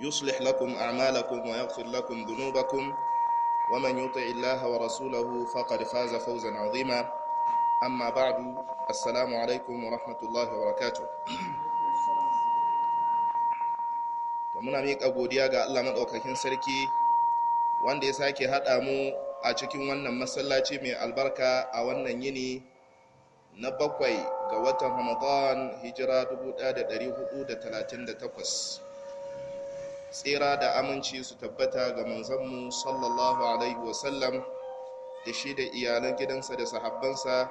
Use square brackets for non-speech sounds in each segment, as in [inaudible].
يصلح لكم أعمالكم ويغفر لكم ذنوبكم ومن يطع الله ورسوله فقد فاز فوزا عظيما أما بعد السلام عليكم ورحمة الله وبركاته muna miƙa godiya ga Allah madaukakin sarki wanda ya sake hada mu a cikin wannan masallaci mai albarka a wannan yini na bakwai ga watan Ramadan hijira 1438 tsira da aminci su tabbata ga manzanmu sallallahu alaihi wasallam da shi da iyalan gidansa da sahabbansa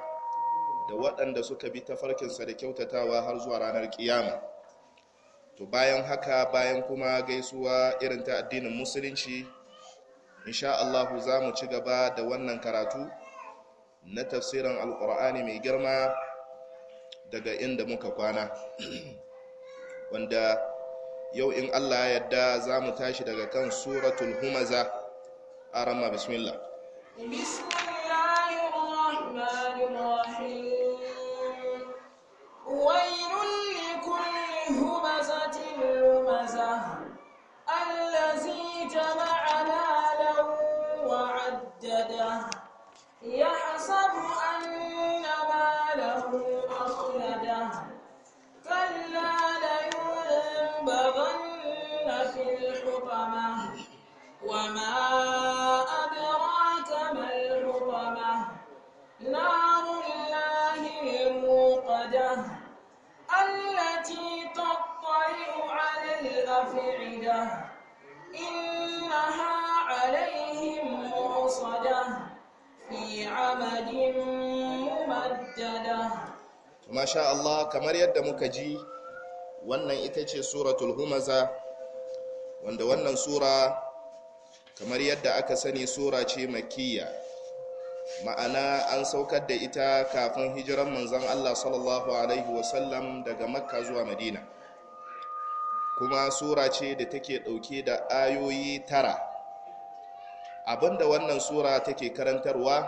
da waɗanda suka bi tafarkinsa da kyautatawa har zuwa ranar kiyama to bayan haka bayan kuma gaisuwa irin ta addinin musulunci insha Allahu za mu ci gaba da wannan karatu na tafsirin alkur'ani mai girma daga inda muka kwana wanda yau in allah ya yadda za mu tashi daga kan suratul humaza a rama bismillah مرصدة في عمد ممددة ما شاء الله wannan ita ce suratul humaza wanda wannan sura kamar yadda aka sani sura ce makiyya ma'ana an saukar da ita kafin hijiran manzon Allah sallallahu alaihi wasallam daga makka zuwa madina kuma sura ce da take dauke da ayoyi tara abinda wannan sura take karantarwa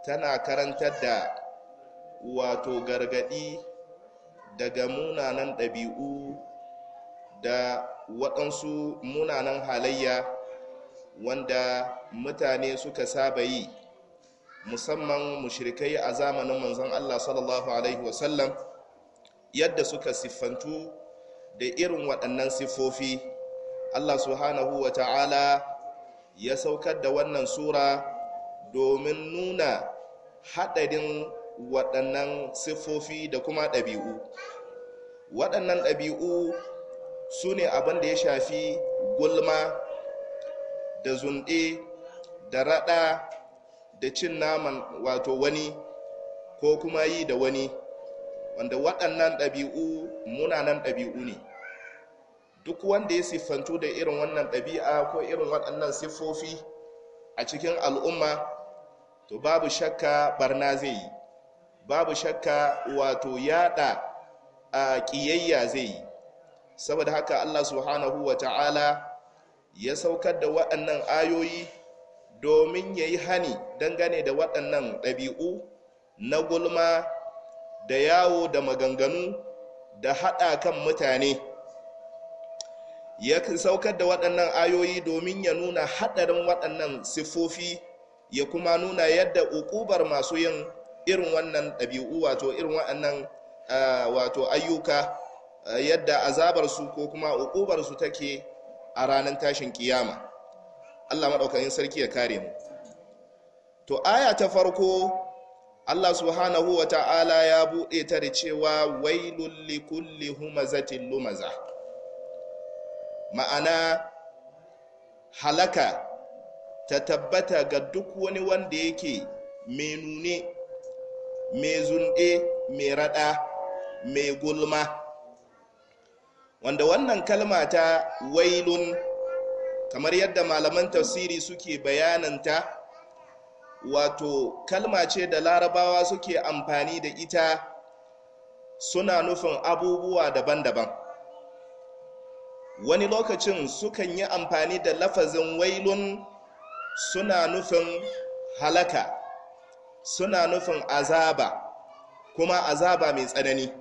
tana karantar da wato gargadi daga munanan ɗabi'u da waɗansu munanan halayya wanda mutane suka saba yi musamman mushrikai a zamanin manzon Allah sallallahu alaihi wasallam yadda suka siffantu da irin waɗannan siffofi Allah subhanahu wa ta'ala ya saukar da wannan sura domin nuna haɗarin waɗannan siffofi da kuma ɗabi'u waɗannan ɗabi'u su ne abin da ya shafi gulma da zunɗe da raɗa da cin naman wato wani ko kuma yi da wani wanda waɗannan ɗabi'u munanan ɗabi'u ne duk wanda ya siffantu da irin wannan ɗabi'a ko irin waɗannan siffofi a cikin al'umma to babu shakka barna zai yi babu shakka wato yada a ƙiyayya zai yi saboda haka allah subhanahu wa ta'ala ya saukar da waɗannan ayoyi domin ya yi hani dangane da waɗannan ɗabi'u na gulma da yawo da maganganu da haɗa kan mutane ya saukar da waɗannan ayoyi domin ya nuna haɗarin waɗannan siffofi ya kuma nuna yadda ukubar masu yin irin wannan ɗabi'u wato irin waɗannan wato ayyuka yadda azabarsu ko kuma ukubarsu take a ranar tashin kiyama allah maɗaukakin sarki ya kare mu to aya ta farko allah subhanahu wa ta'ala ya buɗe ta da cewa wailul li kulli humazatin lumaza ma'ana halaka ta tabbata ga duk wani wanda yake mai nune mai zunɗe mai raɗa mai gulma wanda wannan kalma ta wailun kamar yadda malaman tafsiri suke bayananta wato kalma ce da larabawa suke amfani da ita suna nufin abubuwa daban-daban wani lokacin sukan yi amfani da lafazin wailun suna nufin halaka suna nufin azaba kuma azaba mai tsanani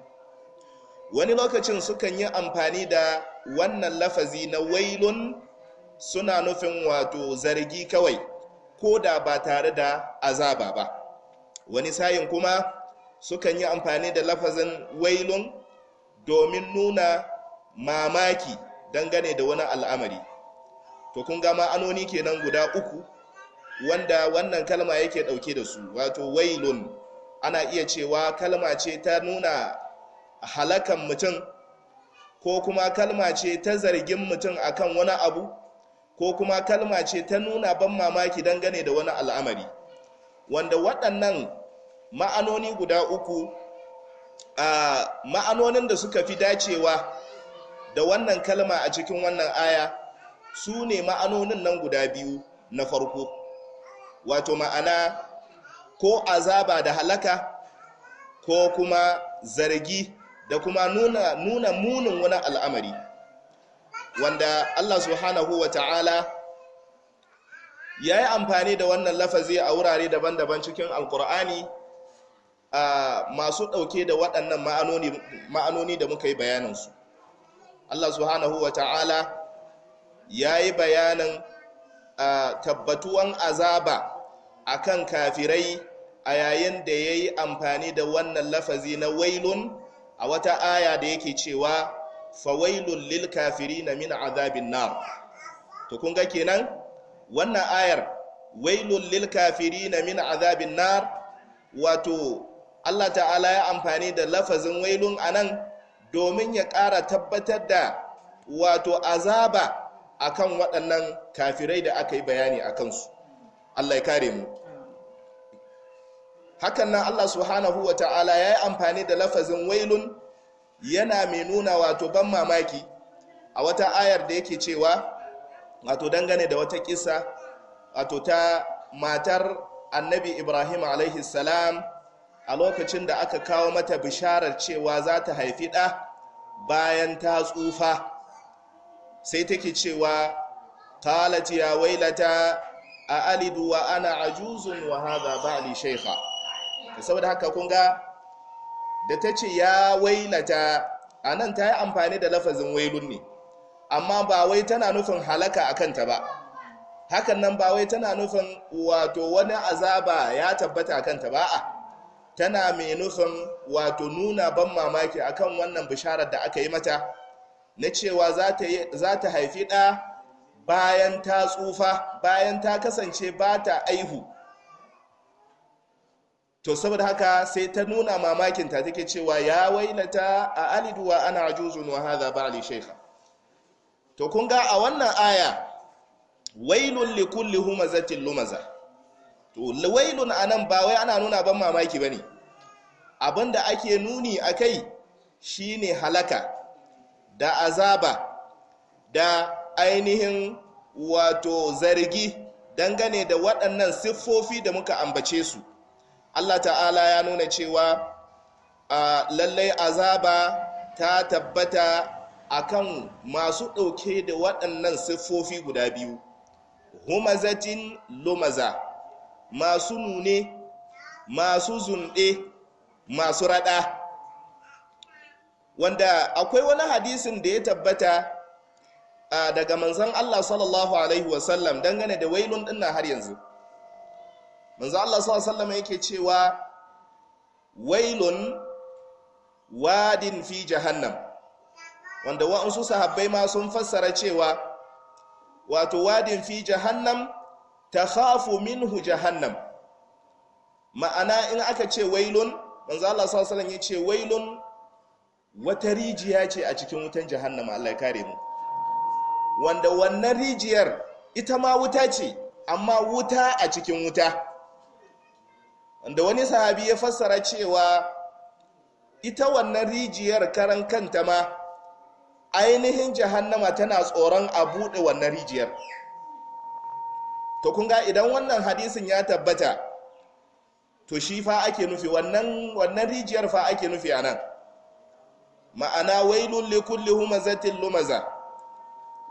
wani lokacin sukan yi amfani da wannan lafazi na wailun suna nufin wato zargi kawai ko da ba tare da azaba ba wani sayin kuma sukan yi amfani da lafazin wailun domin nuna mamaki dangane da wani al'amari to kun ga ma'anoni kenan guda uku wanda wannan kalma yake dauke da su wato wailun ana iya cewa kalma ce ta nuna halakan mutum ko kuma kalma ce ta zargin mutum akan wani abu ko kuma kalma ce ta nuna ban mamaki dangane da wani al'amari wanda waɗannan ma'anoni guda uku a ma'anonin da suka fi dacewa da wannan kalma a cikin wannan aya su ne ma'anonin nan guda biyu na farko wato ma'ana ko azaba da halaka ko kuma zargi da kuma nuna, nuna munin wani al'amari wanda Allah subhanahu wa ta'ala ya yi amfani da wannan lafazi a wurare daban-daban cikin alkur'ani masu ɗauke da waɗannan ma'anoni da muka yi bayanansu Allah subhanahu wa ta'ala ya yi bayanin tabbatuwan azaba a kan kafirai a yayin da ya yi amfani da wannan lafazi na wailun a wata aya da yake cewa fawailun lil kafiri na min azabin nar to kun ga kenan wannan ayar wailun lil kafiri na min azabin nar wato Allah ta'ala ya amfani da lafazin wailun a nan? domin ya ƙara tabbatar da wato azaba akan waɗannan kafirai da aka yi bayani a kansu allah ya kare mu hakan nan allah subhanahu wa ta'ala ya yi amfani da lafazin wailun yana mai nuna wato ban mamaki a wata ayar da yake cewa wato dangane da wata kisa wato ta matar annabi ibrahim alaihi a lokacin da aka kawo mata bisharar cewa za ta haifi ɗa bayan ta tsufa sai take cewa qalat ya wailata a alidu wa ana ajuzun wa hadha ba'li shaykha saboda haka kun ga da ta ce ya wailata a nan ta yi amfani da lafazin wailun ne amma ba wai tana nufin halaka a kanta ba hakan nan ba wai tana nufin wato wani azaba ya tabbata a kanta ba a tana mai nufin wato nuna ban mamaki akan wannan bisharar da aka yi mata na cewa za ta haifi ɗa bayan ta tsufa bayan ta kasance ba ta aihu to saboda haka sai ta nuna mamakinta take cewa ya wailata a aliduwa ana juzun wa ba Ali shaykha to kun ga a wannan aya wailun li humazatin lumaza to wailun anan ba wai ana nuna ban mamaki bane abinda ake nuni akai shine halaka da azaba da ainihin wato zargi dangane da waɗannan siffofi da muka ambace su Allah ta'ala ya nuna cewa lallai azaba ta tabbata akan masu ɗauke da waɗannan siffofi guda biyu humazatin lumaza masu nune masu zunɗe masu rada wanda akwai wani hadisin da ya tabbata daga manzan Allah sallallahu alaihi wasallam dangane da wailun na har yanzu manzan Allah sallallahu alaihi wasallam yake cewa wailun wadin fi jahannam wanda wa'ansu sahabbai ma sun fassara cewa wato wadin fi jahannam Ta min minhu jahannam ma'ana in aka ce wailun manzo Allah sallallahu alaihi ya ce wailun wata rijiya ce a cikin wutan jahannama Allah ya kare mu wanda wannan rijiyar ita ma wuta ce amma wuta a cikin wuta wanda wani sahabi ya fassara cewa ita wannan rijiyar karan kanta ma ainihin jahannama tana tsoron a buɗe wannan rijiyar to kun ga idan wannan hadisin ya tabbata to shi fa ake nufi wannan wannan rijiyar fa ake nufi anan ma'ana wailul li kulli humazatin lumaza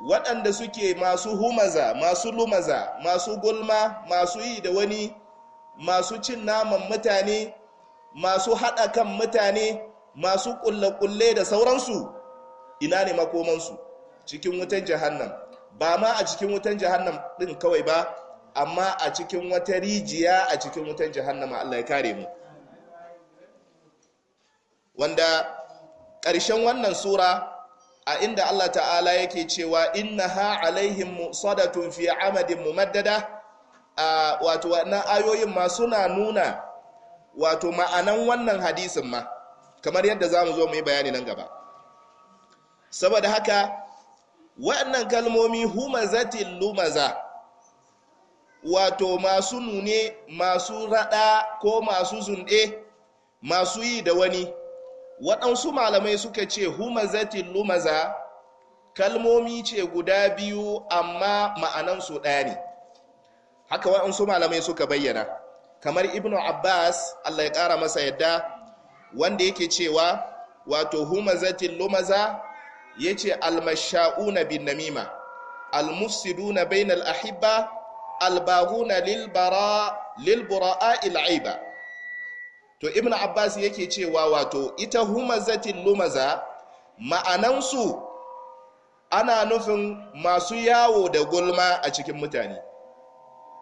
waɗanda suke masu humaza masu lumaza masu gulma masu yi da wani masu cin naman mutane masu haɗa kan mutane masu ƙulle-ƙulle da sauransu ina ne makomansu cikin wutan jahannam ba ma a cikin wutan jahannam din kawai ba amma a cikin wata rijiya a cikin wutan jahannama Allah ya kare mu wanda ƙarshen wannan sura a inda Allah ta'ala yake cewa innaha alaihim musadatun fi amadin mumaddada wato wannan ayoyin ma suna nuna wato ma'anan wannan hadisin ma kamar yadda za mu zo mu yi bayani nan gaba saboda haka waɗannan kalmomi huma humazatin lumaza wato masu nune masu rada ko masu zunde masu yi da wani waɗansu malamai suka ce humazatin lumaza kalmomi ce guda biyu amma ma'anansu ɗaya ne haka waɗansu malamai suka bayyana kamar ibnu abbas allah ya ƙara masa yadda wanda yake cewa wato humazatin lumaza Ya yace almasha'una bin namima almufsiduna bainal ahibba albaguna lil bara to Ibn abbas yake cewa wato ita zatin lumaza ma'anansu ana nufin masu yawo da gulma a cikin mutane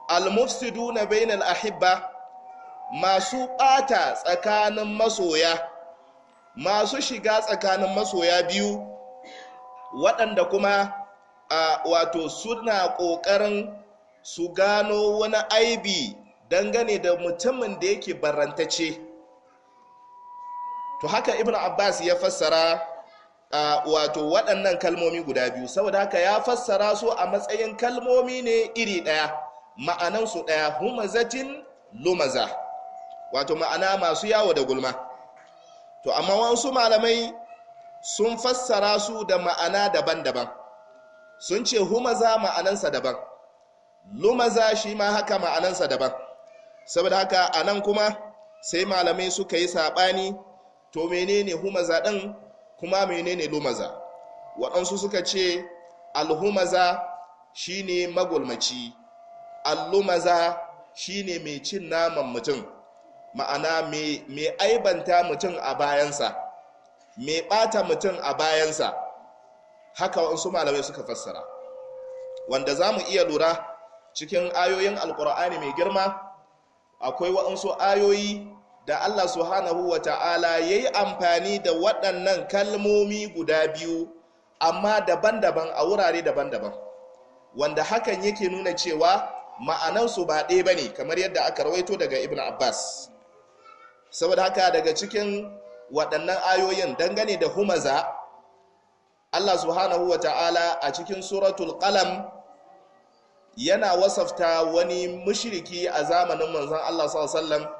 almusiduna bainal ahibba masu ɓata tsakanin masoya masu shiga tsakanin masoya biyu waɗanda kuma a wato suna ƙoƙarin su gano wani aibi dangane da mutumin da yake barantace to haka ibn abbas ya fassara a wato waɗannan kalmomi guda biyu saboda haka ya fassara su a matsayin kalmomi ne iri ɗaya ma'anansu ɗaya humazatin lumaza wato ma'ana masu yawo da gulma to amma wasu malamai sun fassara su da ma'ana daban-daban sun ce humaza ma'anansa daban lumaza shi ma haka ma'anansa daban saboda haka a nan kuma sai malamai suka yi saɓani to menene humaza ɗin kuma menene lumaza waɗansu suka ce alhumaza shine magulmaci allumaza ne mai cin naman mutum ma'ana mai aibanta mutum a bayansa mai bata mutum a bayansa haka wasu malamai suka fassara wanda za mu iya lura cikin ayoyin alkur'ani mai girma akwai waɗansu ayoyi da allah su hana wa ta'ala ya yi amfani da waɗannan kalmomi guda biyu amma daban-daban a wurare daban-daban wanda hakan yake nuna cewa ma'anansu ba ɗaya ba ne kamar yadda aka rawaito daga ibn abbas saboda haka daga cikin waɗannan ayoyin dangane da humaza Allah subhanahu wa ta'ala a cikin suratul qalam yana wasafta wani mushriki a zamanin manzon Allah sallallahu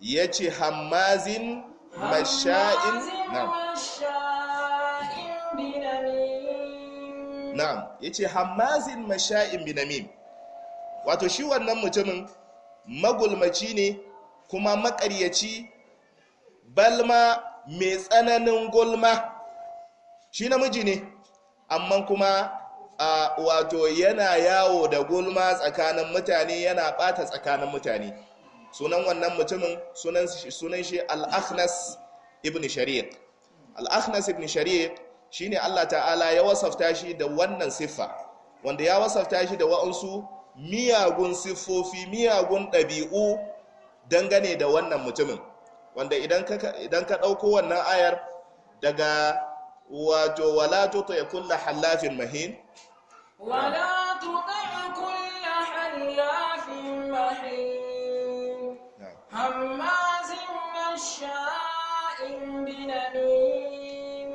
ya ce, hammazin masha'in na'am na'am ce, hammazin masha'in binamim wato shi wannan mutumin magulmaci ne kuma makaryaci balma mai tsananin gulma shi namiji ne amma kuma a wato yana yawo da gulma tsakanin mutane yana bata tsakanin mutane sunan wannan mutumin sunan shi al-akhnas ibn shari'a al-akhnas ibn shariq shine Allah ta'ala ya wasafta shi da wannan siffa wanda ya wasafta shi da wa'ansu miyagun siffofi miyagun ɗabi'u dangane da wannan mutumin wanda idan ka ɗauko wannan ayar daga wato wala tuta ya kulla hallafin mahin wala tuta ya kulla hallafin mahin hammazin masha'in binamin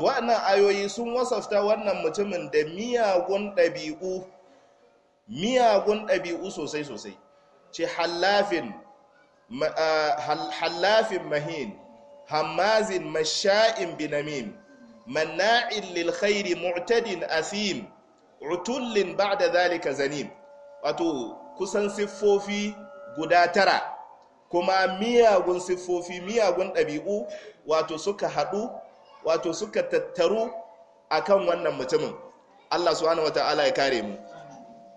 wa'annan ayoyi sun wasafta wannan mutumin da miyagun ɗabi'u miyagun ɗabi'u sosai sosai ce hallafin mahin hamazin, masha'in binamin manna'in lilkhairi mu'tadin asim ba da zalika zanim wato kusan siffofi guda tara kuma miyagun siffofi miyagun ɗabi'u wato suka haɗu wato suka tattaru akan wannan mutumin Allah subhanahu wata'ala ya kare mu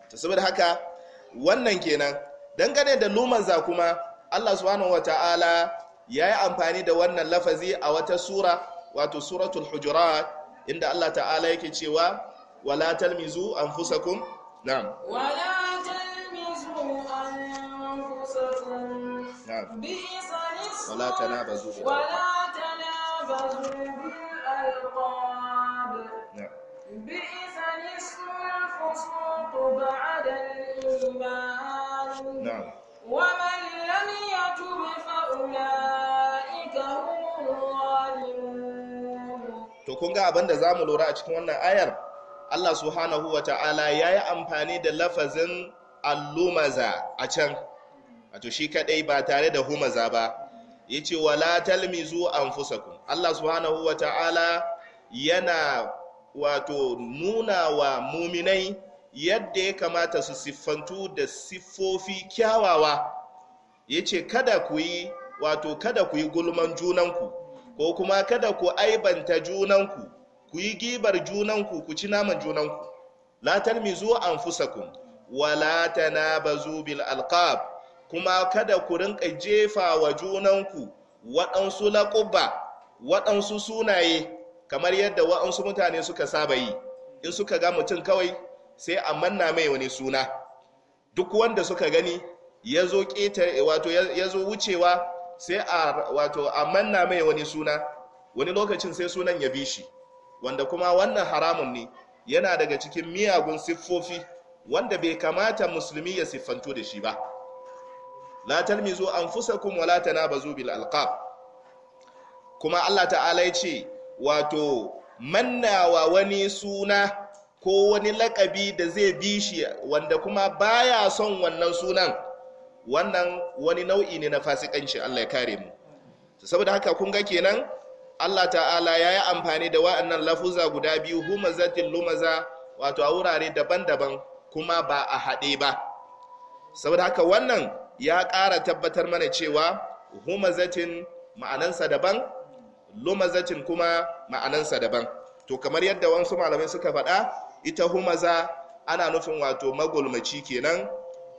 to saboda haka wannan kenan dangane da lumanza kuma Allah subhanahu wata'ala ya yi amfani da wannan lafazi a wata sura wato suratul hujurat inda Allah ta'ala yake cewa wala talmizu anfusakum na'am wala talmizu an anfusakum na'am bi'sa wala tanabazu wala kunga بالألقاب abin da za mu lura a cikin wannan ayar Allah subhanahu wa ta'ala ya yi amfani da lafazin allumaza a can A to shi kadai ba tare da humaza ba yace wala an fusaku Allah subhanahu wata'ala yana wato nuna wa muminai yadda ya kamata su siffantu da siffofi kyawawa yace kada ku yi wato kada ku yi gulman junanku ko kuma kada ku aibanta junanku ku yi gibar junanku ku ci naman junanku la talmizu anfusakum wala ba bil alqab kuma kada ku rinka jefa wa junanku waɗansu laƙuba waɗansu sunaye kamar yadda waɗansu mutane suka saba yi in suka ga mutum kawai sai a manna mai wani suna duk wanda suka gani ya zo wucewa sai a wato a manna mai wani suna wani lokacin sai sunan ya bi shi wanda kuma wannan haramun ne yana daga cikin miyagun siffofi wanda bai kamata musulmi ya siffantu da shi ba la talmizu anfusakum wala tanabazu bil alqab kuma Allah ta'ala yace ce wato mannawa wani suna ko wani lakabi da zai bi shi wanda kuma baya son wannan sunan wannan wani nau'i ne na fasikanci Allah ya kare mu saboda haka kun ga kenan Allah ta'ala ya yi amfani da wa'annan lafuza guda biyu humazatin lumaza wato a wurare daban-daban kuma ba a haɗe ba saboda haka wannan ya ƙara tabbatar mana cewa humazatin ma'anansa daban lumazatin kuma ma'anansa daban to kamar yadda wasu malamai suka faɗa ita humaza ana nufin wato magulmaci kenan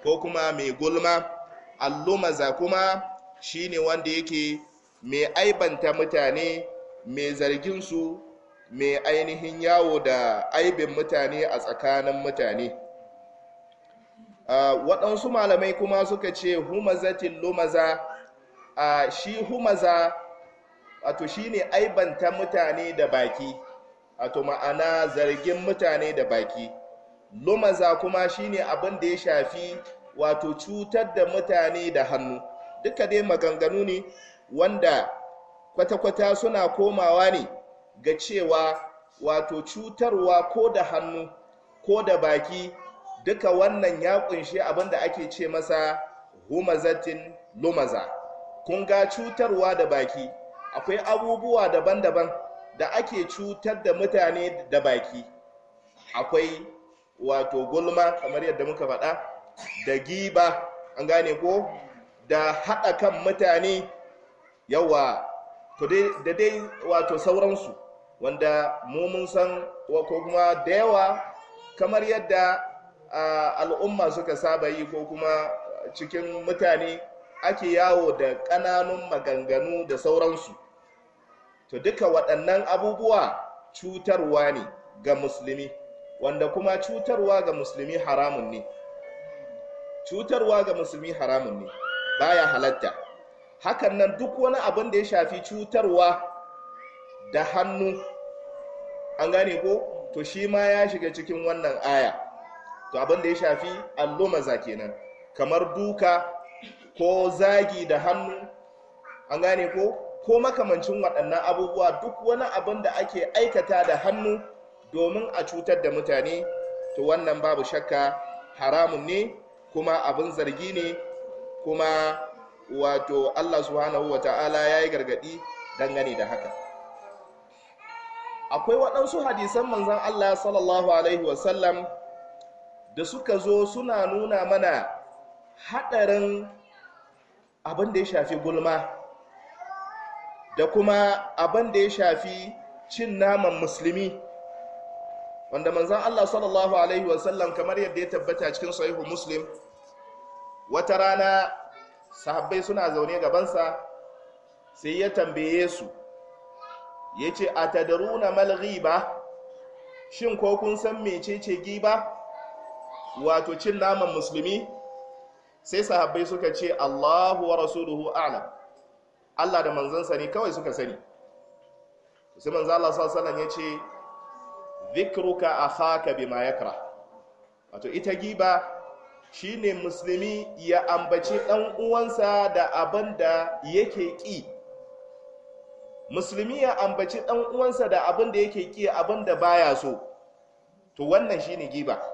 ko kuma mai gulma allumaza kuma shine wanda yake mai aibanta mutane mai zarginsu mai ainihin yawo da aibin mutane a tsakanin mutane waɗansu malamai kuma suka ce humazatin lumaza shi humaza wato shi ne aibanta mutane da baki wato ma'ana zargin mutane da baki lumaza kuma shi ne abin da ya shafi wato cutar da mutane da hannu duka dai maganganu ne wanda kwata-kwata suna komawa ne ga cewa wato cutarwa ko da hannu ko da baki duka wannan ya kunshi abin da ake ce masa humazatin lumaza kun ga cutarwa da baki akwai abubuwa daban-daban da ake cutar da mutane da baki akwai wato gulma kamar yadda muka faɗa da giba an gane ko da haɗa kan mutane yawa da dai wato sauransu wanda mu san wa kuma da yawa kamar yadda A al'umma suka saba yi ko kuma cikin mutane ake yawo da ƙananun maganganu da sauransu to duka waɗannan abubuwa cutarwa ne ga musulmi wanda kuma cutarwa ga musulmi haramun ne cutarwa ga musulmi haramun ne baya halatta hakan nan duk wani abin da ya shafi cutarwa da hannu an gane ko to shi ma ya shiga cikin wannan aya to abin da ya shafi allumaza kenan kamar duka ko zagi da hannu an gane ko ko makamancin waɗannan abubuwa duk wani abin da ake aikata da hannu domin a cutar da mutane to wannan babu shakka haramun ne kuma abin zargi ne kuma wato Allah subhanahu wa ta'ala ya yi gargaɗi dangane da haka akwai waɗansu hadisan manzan Allah sallallahu alaihi wasallam da suka zo suna nuna mana haɗarin abin da ya shafi gulma da kuma abin da ya shafi cin naman musulmi wanda manzan Allah sallallahu Alaihi wasallam kamar yadda ya tabbata cikin sahihu muslim wata rana sahabbai suna zaune gabansa sai ya tambaye su ya ce a tadaruna malghi ba. shin ko kun san mecece giba wato cin naman musulmi sai sahabbai suka ce Allahu wa rasuluhu ala Allah da manzansa ne kawai suka sani su manza Allah ce, alaihi wasallam yace dhikruka ma ya yakra wato ita giba shi ne musulmi ya ambaci dan uwansa da abin da yake ki musulmi ya ambaci dan uwansa da abin da yake ki abin da baya so to wannan shi ne giba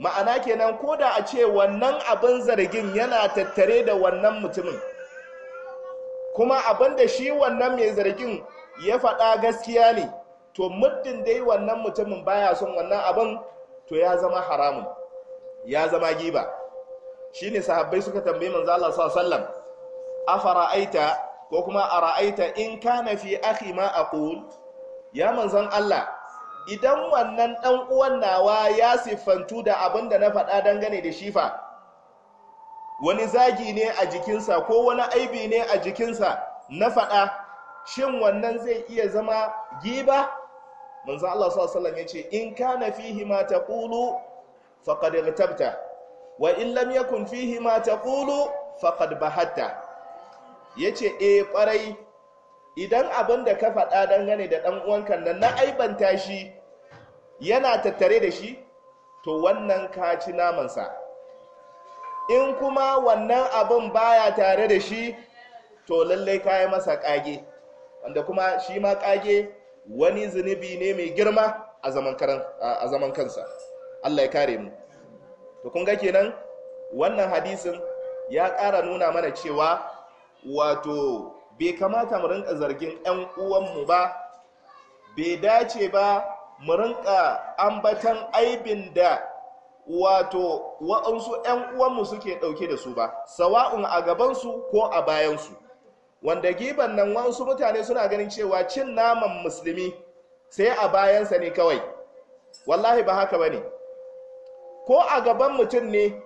ma'ana kenan ko da a ce wannan abin zargin yana tattare da wannan mutumin kuma abin da shi wannan mai zargin ya faɗa gaskiya ne to muddin dai wannan mutumin baya son wannan abin to ya zama haramun ya zama giba Shi ne sahabbai suka tambayi manzo Allah sallam a fara'aita afara'aita ko kuma a ra'aita in kana fi akhi ma aqul ya manzon Allah idan wannan ɗan uwan nawa ya siffantu da abin da na faɗa dangane da shifa wani zagi ne a jikinsa ko wani aibi ne a jikinsa na faɗa shin wannan zai iya zama giba manzo Allah sallallahu ya ce, in kana fihi ma ƙulu faqad irtabta wa in lam yakun fihi ma taqulu faqad bahatta yace e eh, ɓarai. idan abin da ka faɗa dangane da ɗan uwanka nan na aibanta shi yana tattare da shi to wannan ka ci namansa in kuma wannan abin baya tare da shi to lallai ka yi masa ƙage wanda kuma shi ma ƙage wani zunubi ne mai girma a zaman kansa allah ya kare mu to kun ga kenan wannan hadisin ya ƙara nuna mana cewa wato bai kamata mu rinka zargin 'yan uwanmu ba bai dace ba mu rinka ambatan aibin da wato waɗansu 'yan uwanmu suke ɗauke da su ba sawa'un a gabansu ko a bayansu wanda giban nan wasu mutane suna ganin cewa cin naman musulmi sai a bayansa ne kawai wallahi ba haka ba ne ko a gaban mutum ne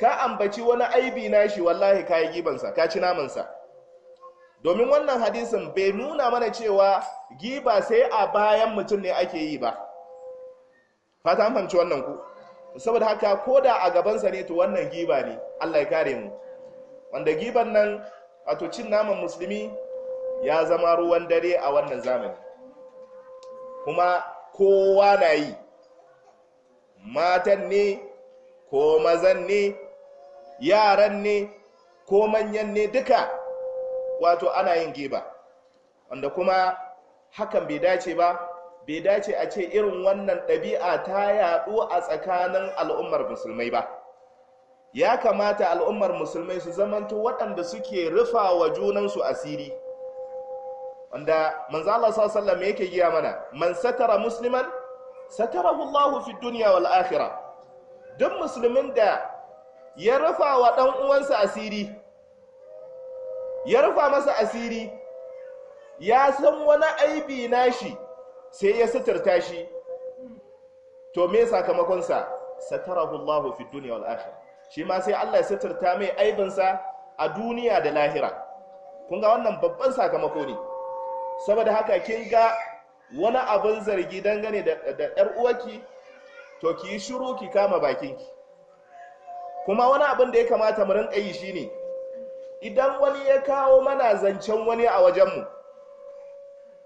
ka ambaci wani aibi nashi wallahi ka yi gibansa ka ci namansa domin wannan hadisin bai nuna mana cewa giba sai a bayan mutum ne ake yi ba fata an wannan ku saboda haka ko da a gabansa ne to wannan giba ne allah ya kare mu wanda giban nan a cin naman musulmi ya zama ruwan dare a wannan zamani kuma kowa na yi matan ne ko mazan ne yaran ne ko manyan ne duka wato ana yin giba wanda kuma hakan bai dace ba bai dace a ce irin wannan ɗabi'a ta yaɗu a tsakanin al'ummar musulmai ba ya kamata al'ummar musulmai su zamanto waɗanda suke rufa wa junansu asiri wanda manzala sallallahu yake giya mana man satara musliman satarahu Allahu fi dunya wal akhirah duk musulmin da ya rufa wa ɗan uwansa asiri ya rufa masa asiri ya san wani aibi nashi sai ya suturta shi to me sakamakonsa satarahu Allahu fi dunya wal akhirah shi ma sai Allah ya suturta mai aibin sa a duniya da lahira kun ga wannan babban sakamako ne saboda haka kin ga wani abin zargi dangane da da yar uwarki to ki shiru ki kama bakinki kuma wani abin da ya kamata mu rinka yi shine idan wani ya kawo mana zancen wani a wajenmu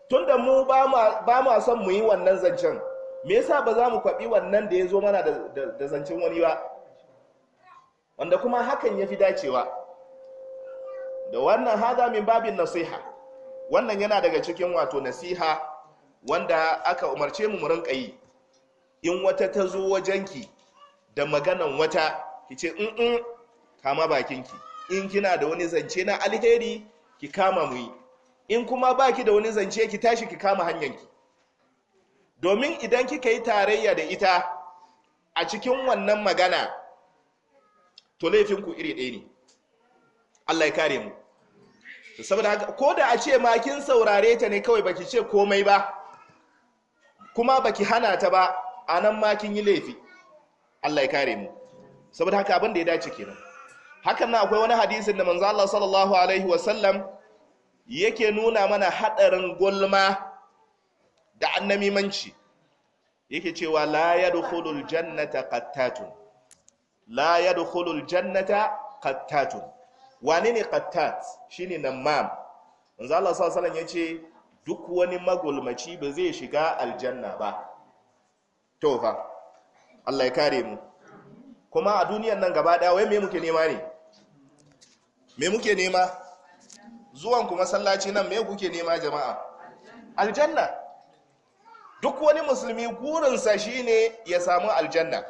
tun da mu ba ma son mu yi wannan zancen me yasa ba za mu kwaɓi wannan da ya zo mana da zancen wani ba wanda kuma hakan ya fi dacewa da wannan haza min babin nasiha wannan yana daga cikin wato nasiha wanda aka umarce mu mu rinka yi in wata ta zo wajenki da maganan wata ki ce in kama bakinki in kina da wani zance na alheri ki kama mu yi in kuma baki da wani zance ki tashi ki kama ki domin idan kika yi tarayya da ita a cikin wannan magana to laifinku iri ɗaya ne Allah ya kare mu saboda haka ko da a ce ma kin saurare ta ne kawai baki ce komai ba kuma baki hana ta ba anan ma kin yi laifi Allah ya kare mu saboda haka abin da ya dace kenan hakan na akwai wani hadisin da manzo Allah sallallahu alaihi wasallam yake nuna mana hadarin gulma da annamimanci yake cewa la yadkhulul jannata qattatun la yadkhulul jannata qattatun wane ne qattat shine namam manzo Allah sallallahu alaihi yace duk wani magulmaci ba zai shiga aljanna ba to fa Allah ya kare mu kuma a duniyar nan gaba daya wai me muke nema ne me muke nema zuwan ku masallaci nan me kuke nema jama'a aljanna duk wani musulmi gurinsa shine ya samu aljanna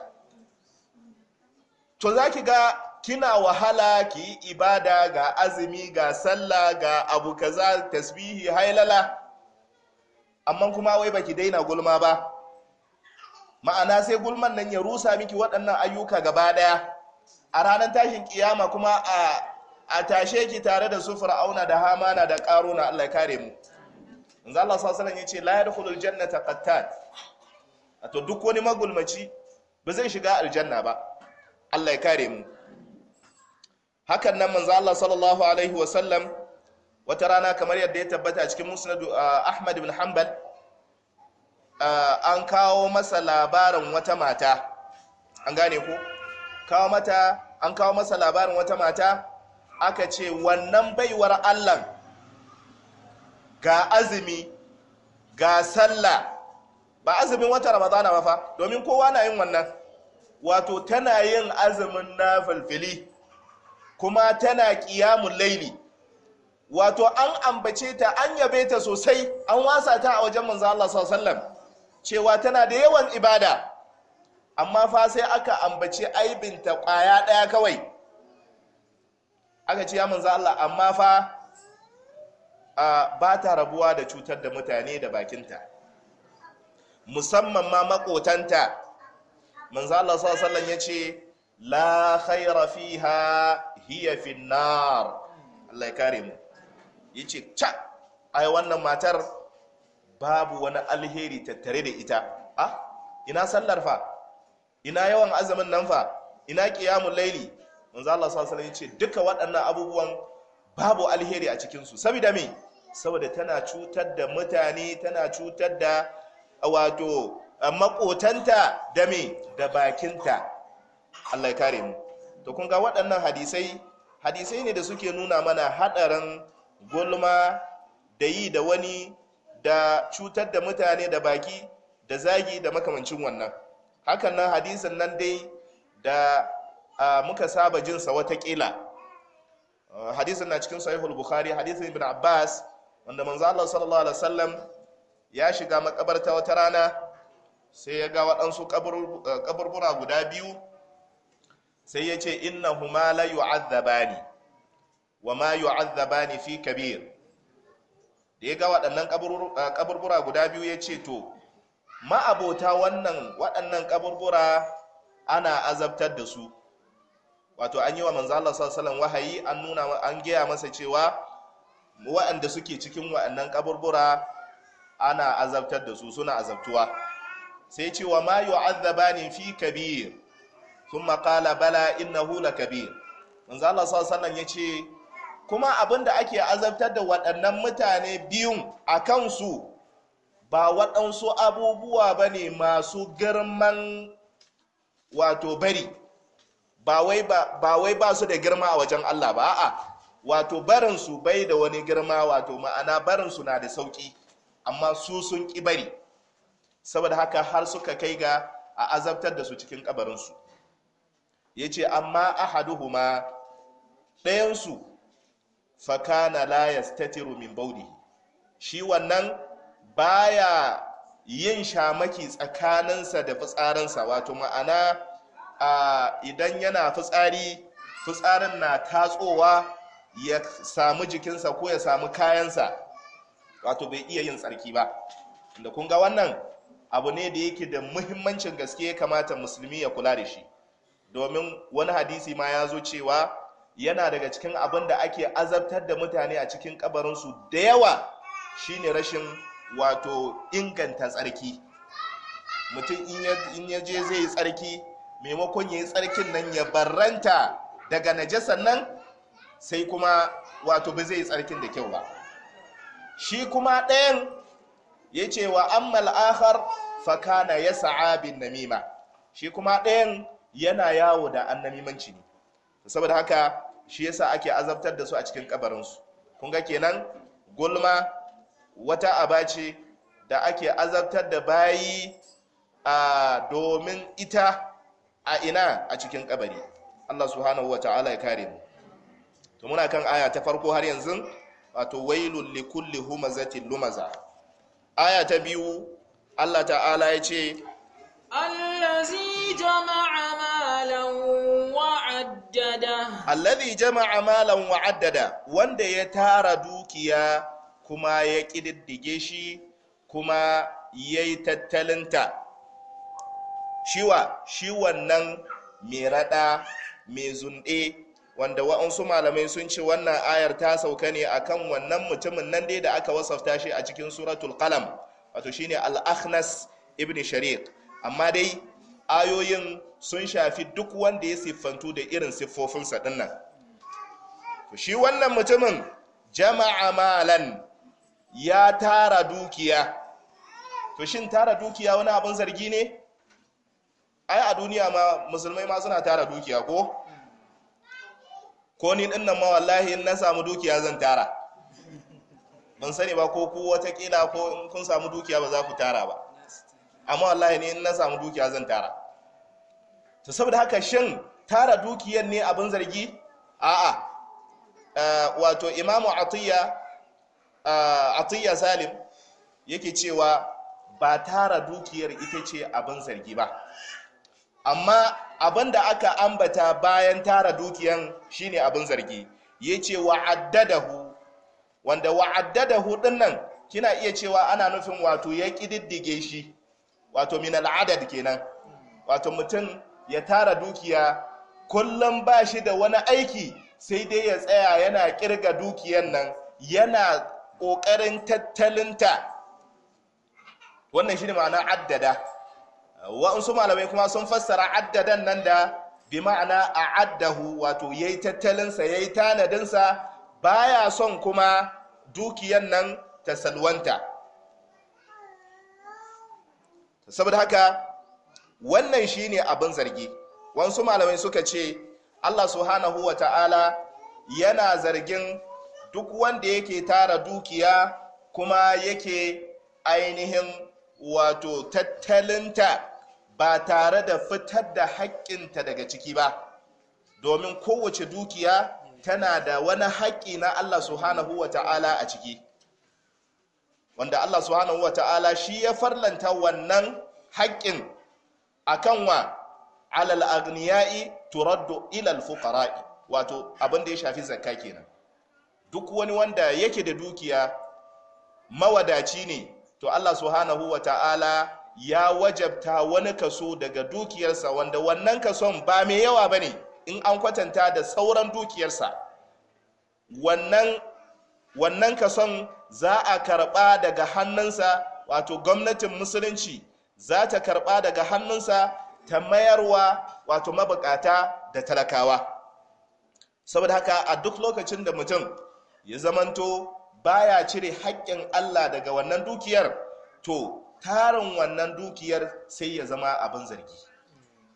to za ki ga kina wahala ki yi ibada ga azumi ga sallah ga abu kaza tasbihi hailala amma kuma wai baki daina gulma ba ma'ana sai gulman nan ya rusa miki waɗannan ayyuka gaba ɗaya a ranar tashin kiyama kuma a a tashe ki tare da su fir'auna da hamana da karuna Allah ya kare mu manzo Allah sallallahu alaihi wasallam yace la yadkhulul jannata qattat to duk wani magulmaci ba zai shiga aljanna ba Allah ya kare mu hakan nan manzo Allah sallallahu alaihi wa sallam, wata rana kamar yadda ya tabbata a cikin musnad uh, Ahmad ibn Hanbal uh, an kawo masa labarin wata mata an gane ko kawo mata an kawo masa labarin wata mata aka ce wannan baiwar allah ga azumi ga sallah ba azumin wata ramadana ba fa domin kowa na yin wannan wato tana yin azumin na falfili kuma tana kiyamun laili wato an ambace ta an yabe ta sosai an wasa ta a wajen manzo Allah sallallahu cewa tana da yawan ibada amma fa sai aka ambace aibinta kwaya daya kawai aka ce ya manza Allah amma fa ba ta rabuwa da cutar da mutane da bakinta musamman ma makotanta manza Allah sallallahu alaihi ya ce la khaira fiha hiya fin nar Allah ya kare mu yace ca ai wannan matar babu wani alheri tattare da ita ah ina sallar fa ina yawan azumin nan fa ina qiyamul laili manzo Allah sallallahu alaihi wasallam duka waɗannan abubuwan babu alheri a cikin su saboda me saboda tana cutar da mutane tana cutar da wato makotanta da me da bakinta Allah ya kare mu to kun ga waɗannan hadisai hadisai ne da suke nuna mana hadarin gulma da yi da wani da cutar da mutane da baki da zagi da makamancin wannan hakan nan hadisin nan dai da Ah, muka saba jinsa watakila ah, hadisin na cikin sahihul bukhari hadisin ibn abbas wanda manzo Allah sallallahu alaihi wasallam ya shiga makabarta wata rana sai ya ga waɗansu ah, kaburbura guda biyu sai ya ce innahuma la yu'azzabani wa ma yu'azzabani fi kabir da ya ga waɗannan kaburbura guda biyu ya ce to ma'abota wannan waɗannan kaburbura ana azabtar da su wato an yi wa manzo Allah sallallahu alaihi wasallam wahayi an nuna an gaya masa cewa waɗanda suke cikin waɗannan kaburbura ana azabtar da su suna azabtuwa sai ce wa ma yu'azzabani fi kabir thumma qala bala innahu na manzo Allah sallallahu alaihi wasallam yace kuma abinda ake azabtar da waɗannan mutane biyun a kansu ba waɗansu abubuwa bane masu girman wato bari ba wai ba su da girma a wajen Allah ba a'a wato barinsu bai da wani girma wato ma'ana barinsu na da sauki amma su sun ki bari saboda haka har suka kai ga a azabtar da su cikin ƙabarinsu Ya ce amma ahaduhuma ɗayan su fakana la yastatiru min baudi shi wannan baya yin shamaki tsakaninsa da fitsarinsa wato ma'ana idan yana fitsari fitsarin na tatsowa ya samu jikinsa ko ya samu kayansa wato bai iya yin tsarki ba da kun ga wannan abu ne da yake da muhimmancin gaske ya kamata musulmi ya kula da shi domin wani hadisi ma ya zo cewa yana daga cikin abin da ake azabtar da mutane a cikin kabarinsu da yawa shine rashin wato inganta tsarki mutum in ya je zai yi tsarki maimakon ya yi tsarkin nan ya barranta daga najasan nan sai kuma wato ba zai yi tsarkin da kyau ba shi kuma ɗayan ya ce wa ammal akhar fakana ya sa'abin namima shi kuma ɗayan yana yawo da annamimanci ne saboda haka shi yasa ake azabtar da su a cikin kabarinsu kun ga kenan gulma wata abaci ce da ake azabtar da bayi a domin ita a ina a cikin kabari Allah subhanahu wata'ala ya kare mu to muna kan aya ta farko har yanzu wato wailul likulli humazatin lumaza aya ta biyu Allah ta'ala ya ce allazi jama'a malan wa'addada allazi jama'a malan wa'addada wanda ya tara dukiya kuma ya kididdige shi kuma yayi tattalinta shiwa shi wannan mai rada mai zunɗe wanda wa'ansu malamai sun ce wannan ayar ta sauka ne a kan wannan mutumin nan dai da aka wasafta shi a cikin suratul qalam wato shi al aknas ibn shariq amma dai ayoyin sun shafi duk wanda ya siffantu da irin siffofinsa dinnan shi wannan mutumin jama'a malan ya tara dukiya to shin tara dukiya wani abin zargi ne ai a duniya ma musulmai ma suna tara dukiya ko ko ni din nan ma wallahi in na samu dukiya zan tara ban sani ba ko ku wata kila ko in kun samu dukiya ba za ku tara ba amma wallahi ne in na samu dukiya zan tara to saboda haka shin tara dukiyar ne abin zargi a'a eh, wato imamu atiya eh, atiya salim yake cewa ba tara dukiyar ita ce abin zargi ba amma abin da aka ambata bayan tara dukiyan shine abin zargi ya ce wa'addadahu wanda wa'addadahu dinnan kina iya cewa ana nufin wato ya ƙididdige shi wato min al'adad kenan wato mutum ya tara dukiya kullum ba shi da wani aiki sai dai ya tsaya yana ƙirga dukiyan nan yana ƙoƙarin tattalinta wannan shi ne ma'ana addada wa'ansu malamai kuma sun fassara addadan nan da bi ma'ana a addahu wato yayi yi tattalinsa yayi yi tanadinsa baya son kuma dukiyan nan ta salwanta saboda haka wannan shine abin zargi wasu malamai suka ce allah subhanahu wa ta'ala yana zargin duk wanda yake tara dukiya kuma yake ainihin wato tattalinta ba tare da fitar da haƙƙinta daga ciki ba domin kowace dukiya tana da wani haƙƙi na Allah subhanahu wa ta'ala a ciki wanda Allah subhanahu wa ta'ala shi ya farlanta wannan haƙƙin akan wa alal agniyai turaddu ilal fuqara'i wato abinda ya shafi zakka kenan duk wani wanda yake da dukiya mawadaci ne to Allah subhanahu wa ta'ala ya wajabta wani kaso daga dukiyarsa wanda wannan kason ba mai yawa ba ne in an kwatanta da sauran dukiyarsa wannan kason za a karba daga hannunsa wato gwamnatin musulunci za ta karba daga hannunsa ta mayarwa wato mabukata da talakawa saboda haka a duk lokacin da mutum ya zamanto baya cire haƙƙin allah daga wannan dukiyar to tarin wannan dukiyar sai ya zama abin zargi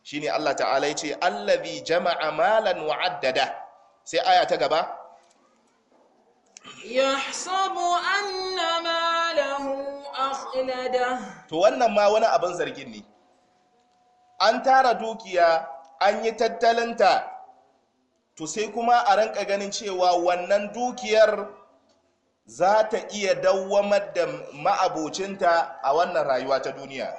shine Allah ta'ala ya ce allazi jama'a malan wa addada sai aya ta gaba yahsabu anna malahu akhlada to wannan ma wani abin zargin ne an tara dukiya an yi tattalinta to sai kuma a ranka ganin cewa wannan dukiyar za ta iya dawwamar da ma'abocinta a wannan rayuwa ta duniya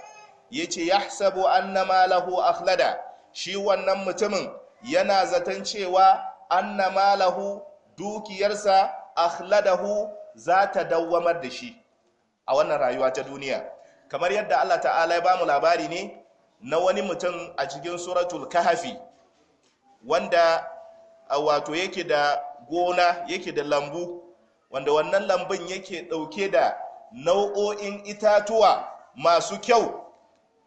ya ce ya sabo annama lahu akhlada shi wannan mutumin yana zaton cewa annama lahu dukiyarsa akhladahu za ta dawwamar da shi a wannan rayuwa ta duniya kamar yadda Allah ta'ala ya bamu labari ne na wani mutum a cikin suratul kahafi wanda wato yake da gona yake da lambu wanda wannan lambun yake ɗauke da nau'o'in itatuwa masu kyau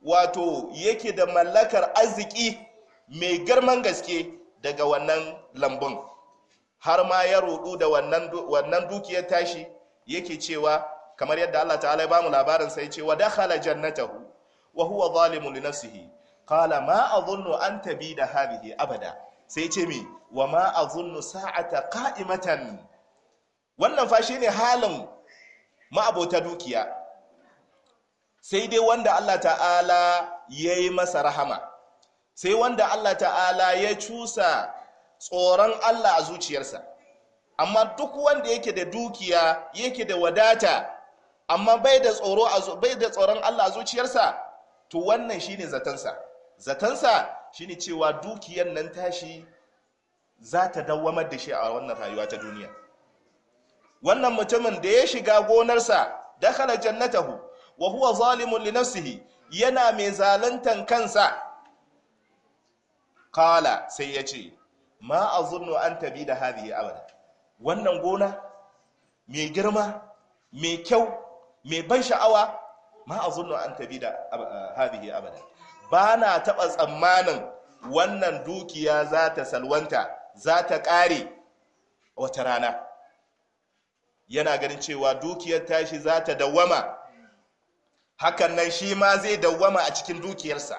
wato yake da mallakar arziki mai girman gaske daga wannan lambun har ma ya rudu da wannan dukiyar tashi yake cewa kamar yadda Allah ta'ala ya bamu labarin sai ce wa dakhala jannatahu wa huwa zalimun li nafsihi qala ma adhunnu an tabida hadhihi abada sai ce mi wa ma adhunnu sa'ata qa'imatan wannan fa ne halin ma'abota dukiya sai dai wanda Allah ta'ala ya yi masa rahama sai wanda Allah ta'ala ya cusa tsoron Allah a zuciyarsa amma duk wanda yake da dukiya yake da wadata amma bai da tsoron Allah a zuciyarsa to wannan shi shine zatansa zatansa ne cewa dukiyan nan tashi za ta dawwamar da shi a wannan rayuwa ta duniya wannan mutumin da ya shiga gonarsa dakhala jannatahu wa huwa zalimun li nafsihi yana mai zaluntan kansa Kala sai ya ce ma a azunnu an tabi da hadhihi abada wannan gona mai girma mai kyau mai ban sha'awa ma a azunnu an tabi da ah, hadhihi abada ba na taɓa tsammanin wannan dukiya za ta salwanta za ta ƙare wata rana yana ganin cewa dukiyar tashi za ta dawwama hakan nan shi ma zai dawama a cikin dukiyarsa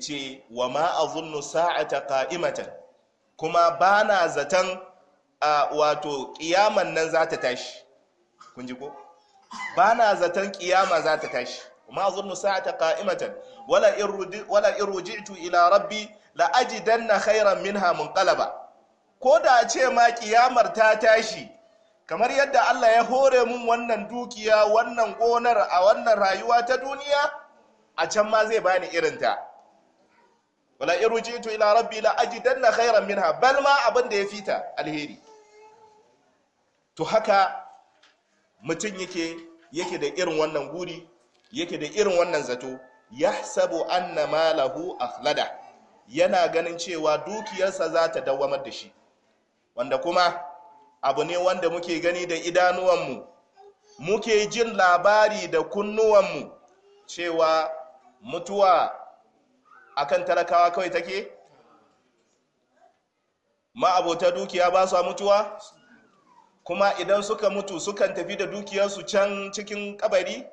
ce wa ma azunnu sa'ata qa'imatan kuma ba na zaton a wato ƙiyaman nan za ta tashi kun ji ko na zaton ƙiyama za ta tashi ma azunnu sa'ata qa'imatan wala in wala in ila rabbi la ajidanna khayran minha munqalaba ko da ce ma kiyamar ta tashi kamar yadda Allah ya hore mun wannan dukiya wannan gonar a wannan rayuwa ta duniya a can ma zai bani irinta wala irujitu ila rabbi la ajidanna khairan minha bal ma abin da ya fita alheri to haka mutum yake yake da irin wannan guri yake da irin wannan zato yahsabu anna malahu akhlada yana ganin cewa dukiyarsa za ta dawamar da shi wanda kuma abu ne wanda muke gani da idanuwanmu muke jin labari da kunnuwanmu cewa mutuwa akan talakawa kawai take ma'abota dukiya ba su mutuwa kuma idan suka mutu sukan tafi da dukiyarsu can cikin kabari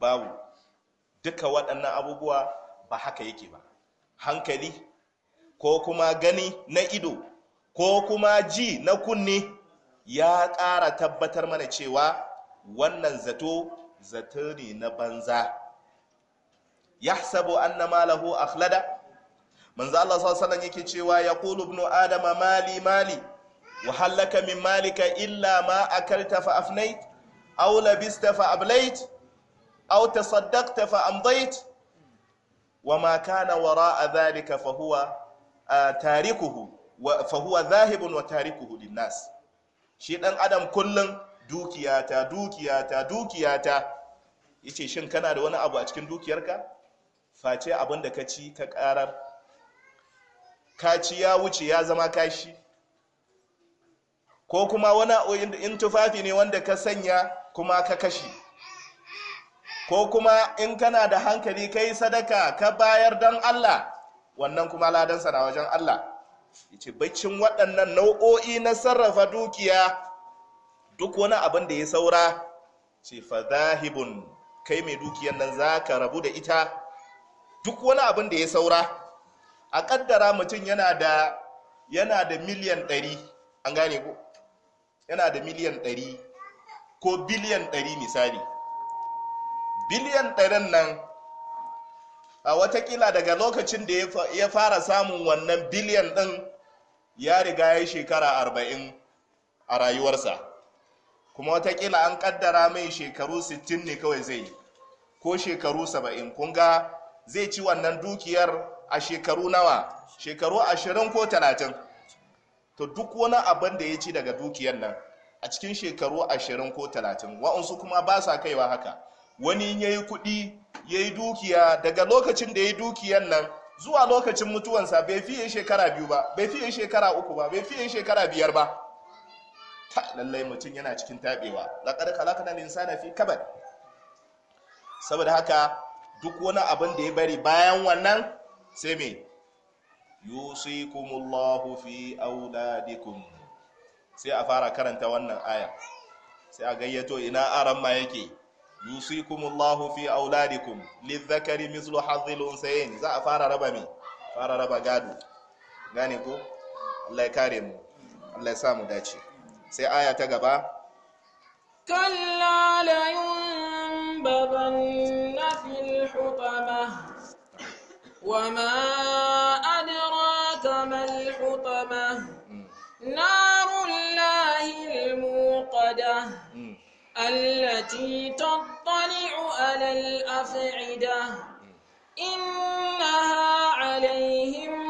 babu duka waɗannan abubuwa ba haka yake ba hankali ko kuma gani na ido ko kuma ji na kunni ya ƙara tabbatar mana cewa wannan zato zato ne na banza ya sabo an na malahu akhlada manzo Allah sallallahu yake cewa ya qulu ibnu adama mali mali wa hallaka min malika illa ma akalta fa afnait aw labista fa ablait aw tasaddaqta fa amdait wa ma kana wara'a dhalika fa huwa tarikuhu fahuwa zahibun wa tarikuhu linnas shi ɗan adam kullum dukiyata dukiyata dukiyata yace shin kana da wani abu a cikin dukiyarka face abin da ka ci ka karar ci ya wuce ya zama kashi ko kuma wani in tufafi ne wanda ka sanya kuma ka kashi ko kuma in kana da hankali kai sadaka ka bayar don Allah wannan kuma ladansa na wajen Allah yace baccin waɗannan nau'o'i na sarrafa dukiya duk wani abin da ya saura ce fa zahibun kai mai dukiyan nan zaka rabu da ita duk wani abin da ya saura a ƙaddara mutum yana da yana miliyan ɗari an gane ko yana da miliyan ɗari ko biliyan ɗari misali biliyan ɗarin nan a watakila daga lokacin da ya fara samun wannan biliyan ɗin ya riga ya shekara arba'in a rayuwarsa kuma watakila an kaddara mai shekaru sittin ne kawai zai yi ko shekaru saba'in kunga zai ci wannan dukiyar a shekaru nawa shekaru ashirin ko talatin to duk wani abin da ya ci daga dukiyar nan a cikin shekaru ashirin ko talatin wa'ansu kuma ba sa kaiwa haka wani ya yi kuɗi ya yi dukiya daga lokacin da ya yi dukiyan nan zuwa lokacin mutuwansa bai fiye shekara biyu ba bai fiye shekara uku ba bai fiye shekara biyar ba ta lallai mutum yana cikin taɓewa laƙar kalakanan na fi kabar saboda haka duk wani abin da ya bari bayan wannan sai me yusikumullahu fi auladikum sai a fara karanta wannan aya sai a gayyato ina aran ma yake yusikumullahu fi auladikum lizzakari mislu hazzil unsayin za a fara raba me fara raba gado gane ko Allah ya kare mu Allah ya sa mu dace sai aya ta gaba kalla la yunbadanna fil hutama وما أدراك ما الحطمة نار الله الموقدة التي تطلع الطَّلِعُ عَلَى الْأَفْعِدَةِ إِنَّهَا عَلَيْهِمْ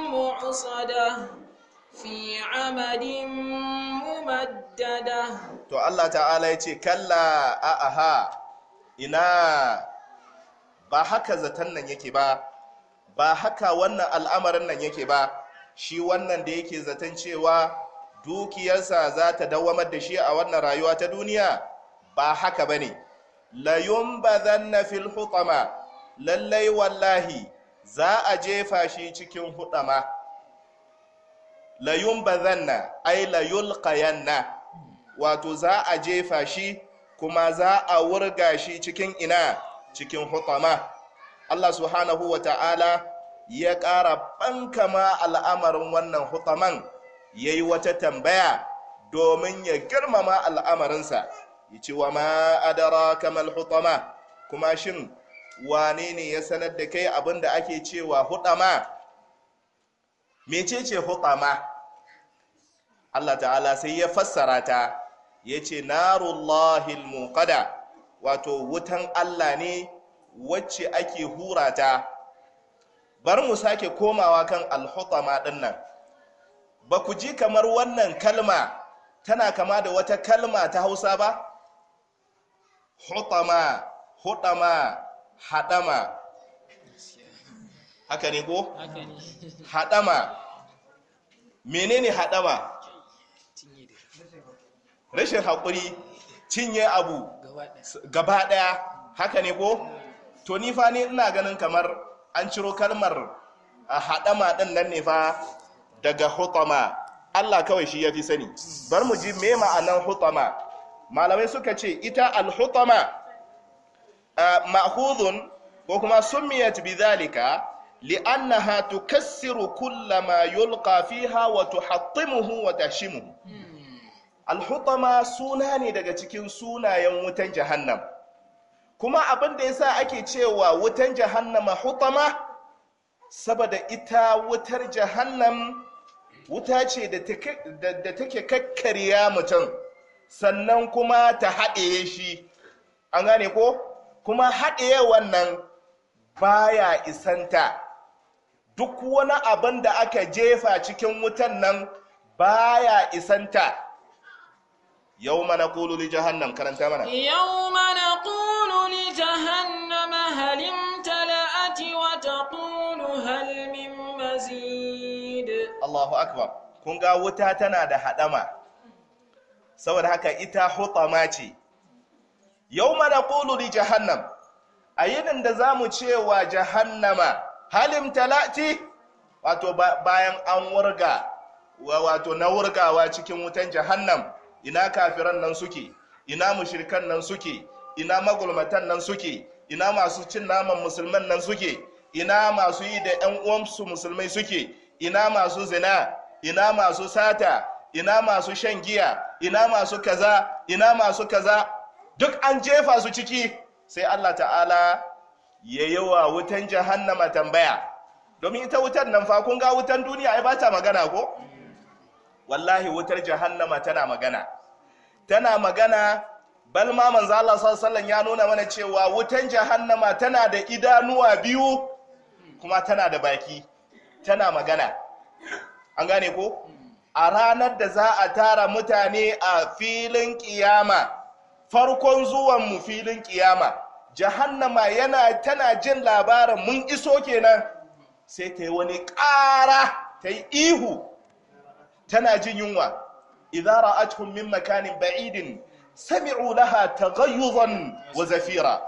to Allah ta'ala yace kalla a aha ina ba haka zaton nan yake ba ba haka wannan al'amarin nan yake ba shi wannan da yake zaton cewa dukiyarsa za ta dawamar da shi a wannan rayuwa ta duniya ba haka ba ne layunbazanna fil hutama lallai wallahi za a jefa shi cikin hutama layunbazanna ay layulqayanna wato za a jefa shi kuma za a wurga shi cikin ina cikin hutama Allah subhanahu wa ta'ala ya ƙara bankama al'amarin wannan hutaman ya yi wata tambaya domin ya girmama al'amarinsa yace wa ma adraka mal hutama kuma shin wane ne ya sanar da kai abinda ake cewa hutama mecece hutama Allah ta'ala sai ya fassara ta yace narullahi almuqada wato wutan Allah ne wacce ake hurata? bar mu sake komawa kan alhutama dinnan ba ku ji kamar wannan kalma tana kama da wata kalma ta Hausa ba hutama hudama hadama haka ne ko hadama menene hadama rashin haƙuri cinye abu gaba ɗaya haka ne ko to ni fa ne ina ganin kamar an ciro kalmar a haɗama ɗin nan ne fa daga hutama Allah kawai shi ya fi sani bar mu ji me ma'anan hutama malamai suka ce ita alhutama mahuzun ko kuma sumiyat bidhalika li'annaha tukassiru kullama yulqa fiha wa tuhattimuhu wa tashimuhu alhutama suna ne daga cikin sunayen wutan jahannam kuma abin da yasa ake cewa wutan jahannam hutama saboda ita wutar jahannam wuta ce da take kakkarya mutum sannan kuma ta haɗe shi an gane ko kuma haɗe wannan baya isanta duk wani abin da aka jefa cikin wutan nan baya isanta yau mana kululi li jahannam karanta mana yau mana kulu li jahannam tala'ati wata taqulu hal min mazid Allahu akbar kun ga wuta tana da haɗama. saboda haka ita hutama ce yau mana ƙulu jahannam a yinin da za mu wa jahannama halim talati wato bayan an wurga wato na wurgawa cikin wutan jahannam ina kafiran nan suke ina mushirkan nan suke ina magulmatan nan suke ina masu cin naman musulman nan suke ina masu yi da 'yan uwansu musulmai suke ina masu zina ina masu sata ina masu shan giya ina masu kaza ina masu kaza duk an jefa su ciki sai Allah ta'ala ya yawa wutan jahannama tambaya domin ita wutan nan fa kun ga wutan duniya ai ba ta magana ko wallahi wutar jahannama tana magana tana magana bal ma manzo Allah sallallahu ya nuna mana cewa wutan jahannama tana da idanuwa biyu kuma tana da baki tana magana an gane ko a ranar da za a tara mutane a filin ƙiyama, farkon zuwan mu filin ƙiyama, jahannama yana tana jin labarin mun iso kenan sai ta yi wani ƙara ta yi ihu tana jin yunwa a cikin min makanin ba'idin sami'u laha gayyuzon wa zafira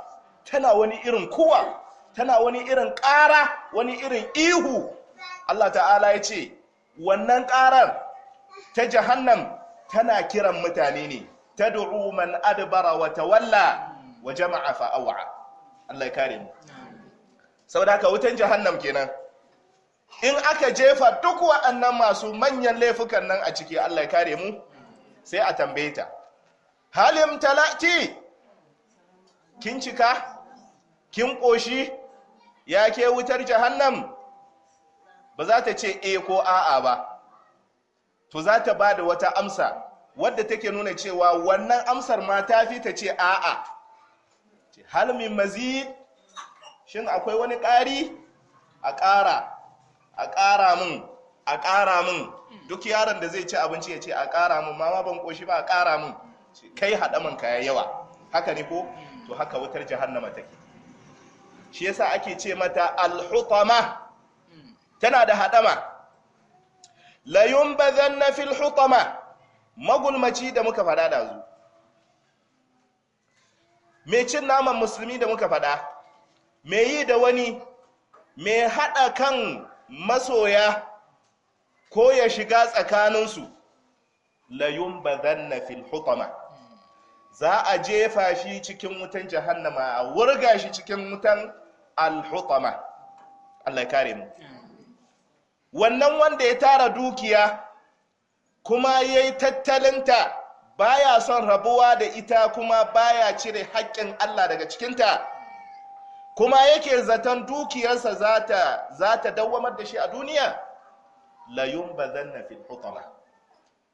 tana wani irin kuwa tana wani irin ƙara wani irin ihu Allah ta'ala ya ce wannan ƙarar ta jahannam tana kiran mutane ne Ta man adbara wa tawalla wa jama'a fa Allah ya kare mu saboda haka wutan jahannam kenan in aka jefa duk wa'annan masu manyan laifukan nan a ciki Allah ya kare mu sai a tambaye ta halim talati kin cika kin koshi ya ke wutar jahannam ba za ta ce e ko a'a ba to za ta ba da wata amsa wadda take nuna cewa wannan amsar ma ta fi ta ce a'a halmin mazid shin akwai wani ƙari a ƙara a ƙara min a ƙara min duk yaron da zai ci abinci ya ce a ƙara min mama ban ƙoshi ba a ƙara min kai haɗa man kaya yawa haka ne ko to haka wutar jahannama take shi yasa ake ce mata alhutama tana da haɗama la na fil hutama magulmaci da muka fada dazu mai cin naman musulmi da muka fada mai yi da wani mai hada kan masoya ko ya shiga tsakaninsu la na fil hutama za a jefa shi cikin wutan jahannama a wurga shi cikin wutan al-hutama Allah kare mu wannan wanda ya tara dukiya kuma ya yi tattalinta baya son rabuwa da ita kuma baya cire haƙƙin Allah daga cikinta kuma yake zaton dukiyarsa za ta dawamar da shi a duniya layun ba zanna fil hutama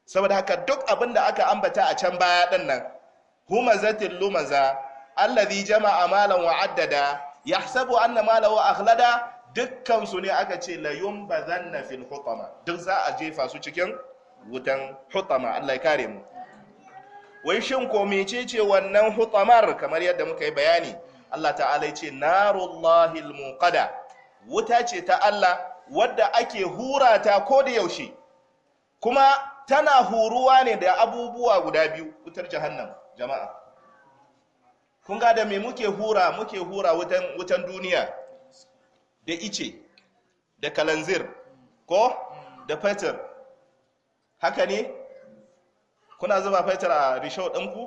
saboda haka duk abin da aka ambata a can baya ɗan nan zatin lumaza allazi jama'a malan wa addada yahsabu anna malahu akhlada dukkansu ne aka ce layun ba na fil hukama duk za a jefa su cikin wutan hukama allah ya kare mu wai shin ko ce wannan huɗamar kamar yadda muka yi bayani allah ta'ala ya ce narullahi almuqada wuta ce ta allah wadda ake hurata ko da yaushe kuma tana huruwa ne da abubuwa guda biyu wutar jahannam jama'a kun ga da me muke hura muke hura wutan duniya da ice da kalanzir ko da fetur haka ne kuna zuba fetur a risho ɗinku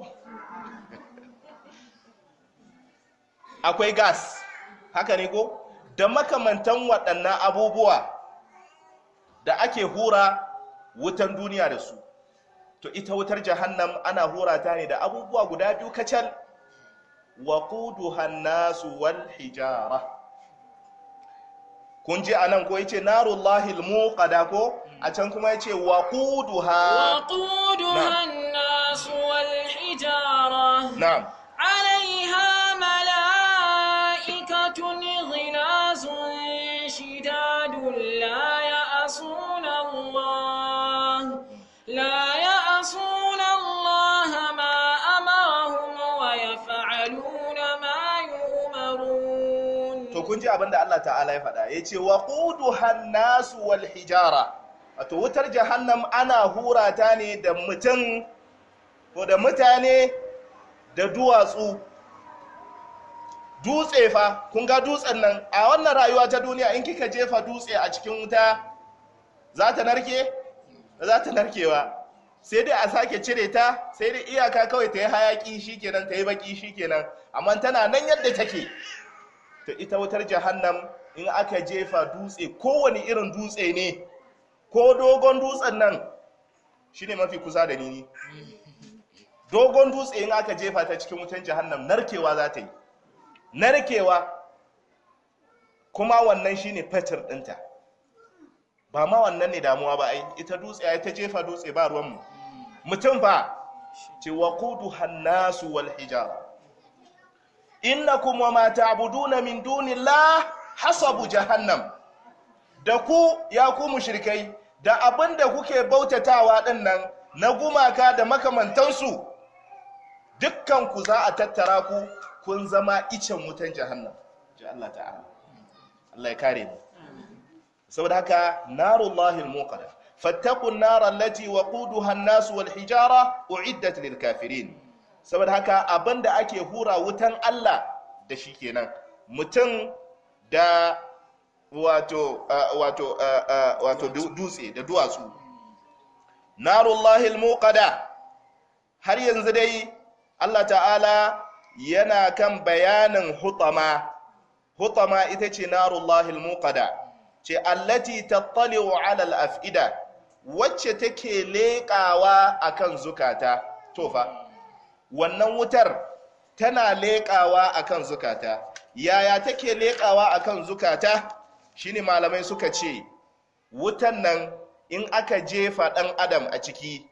[laughs] akwai gas haka ne ko da makamantan waɗannan abubuwa da ake hura wutan duniya da su to ita wutar jahannam ana hura ta ne da abubuwa guda biyu kacal wa kudu hannasu wal hijara kun ji nan ko yace narullahi almuqada ko a can kuma yace waquduha waquduha an-nas wal hijara na'am abin da Allah ta'ala ya faɗa ya ce wa ƙudu hannasu wal hijara wato wutar jahannam ana hura ta ne da mutum ko da mutane da duwatsu dutse fa kun ga dutsen nan a wannan rayuwa ta duniya in kika jefa dutse a cikin wuta za ta narke za ta narkewa sai dai a sake cire ta sai dai iyaka kawai ta yi hayaki shikenan ta yi baki shikenan amma tana nan yadda take ta ita wutar jahannam in aka jefa dutse kowane irin dutse ne ko dogon dutsen nan shine mafi kusa da ni dogon dutse in aka jefa ta cikin wutan jahannam narkewa za ta yi narkewa kuma wannan shine fetur dinta ba ma wannan ne damuwa ba ita dutse ya ta jefa dutse ba ruwanmu mutum ba, ce kudu hannasu wal hijara innakum wa ma ta'buduna min dunillah hasabu jahannam da ku ya ku mushrikai da abin da kuke bautatawa din nan na gumaka da makamantansu dukkan ku za a tattara ku kun zama icen wutan jahannam ji Allah ta'ala Allah ya kare mu saboda haka narullahi almuqada fattaqun nar allati waquduha an-nas wal hijara u'iddat lil kafirin saboda haka abin da ake hura wutan Allah da shi kenan mutum da wato wato wato dutse da duwatsu narullahi Muqada, har yanzu dai Allah ta'ala yana kan bayanin hutama hutama ita ce narullahi Muqada, ce allati tattali'u ala al'afida wacce take leƙawa akan zukata tofa wannan wutar tana leƙawa akan zukata yaya take leƙawa akan zukata shine malamai suka ce wutan nan in aka jefa ɗan adam a ciki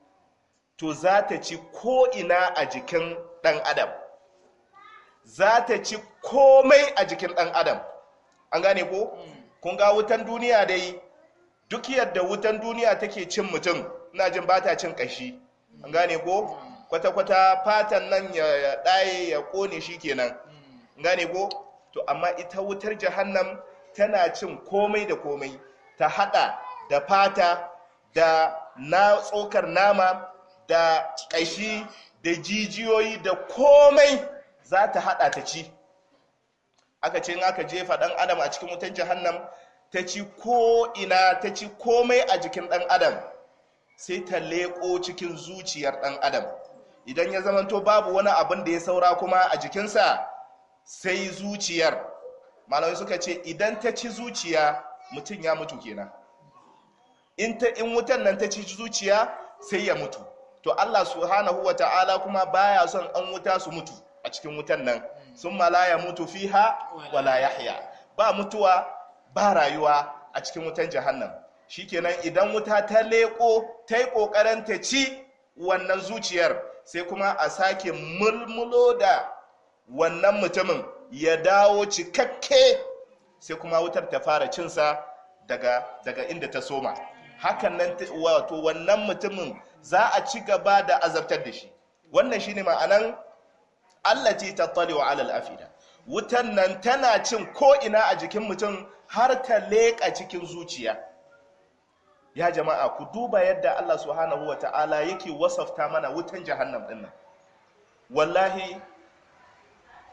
to za ta ci ko'ina a jikin ɗan adam za ta ci komai a jikin ɗan adam an gane ko? kun ga wutan duniya dai duk yadda wutan duniya take cin mutum ina jin ba ta cin ƙashi an gane ko? kwata-kwata fatan nan ya ɗaye ya ƙone shi kenan hmm. gane ko to amma ita wutar jahannam tana cin komai da komai ta haɗa da fata da na tsokar nama da ƙashi da jijiyoyi da komai za ta haɗa ta ci aka ce in aka jefa ɗan adam a cikin wutar jahannam ta ci ko'ina ta ci komai a jikin ɗan adam sai ta leƙo cikin zuciyar ɗan adam idan ya zamanto babu wani abin da ya saura kuma a jikinsa sai zuciyar malamai suka ce idan ta ci zuciya mutum ya mutu kenan in wutan nan ta ci zuciya sai ya mutu to Allah subhanahu Ta'ala kuma baya son an wuta su mutu a cikin wutan nan sun mala ya mutu fiha wala yahya ba mutuwa ba rayuwa a cikin wutan jahannam shikenan idan wuta ta leko ta yi kokarin ta ci wannan zuciyar sai kuma a sake mulmulo da wannan mutumin ya dawo cikakke sai kuma wutar ta fara cinsa daga inda ta soma hakan nan wato wannan mutumin za a ci gaba da azabtar da shi wannan shi ne ma'anan ta tattali wa alal afida wutan nan tana cin ko'ina a jikin mutum har ta leƙa cikin zuciya ya jama'a ku duba yadda Allah subhanahu wa ta'ala yake wasafta mana wutan jahannam din nan wallahi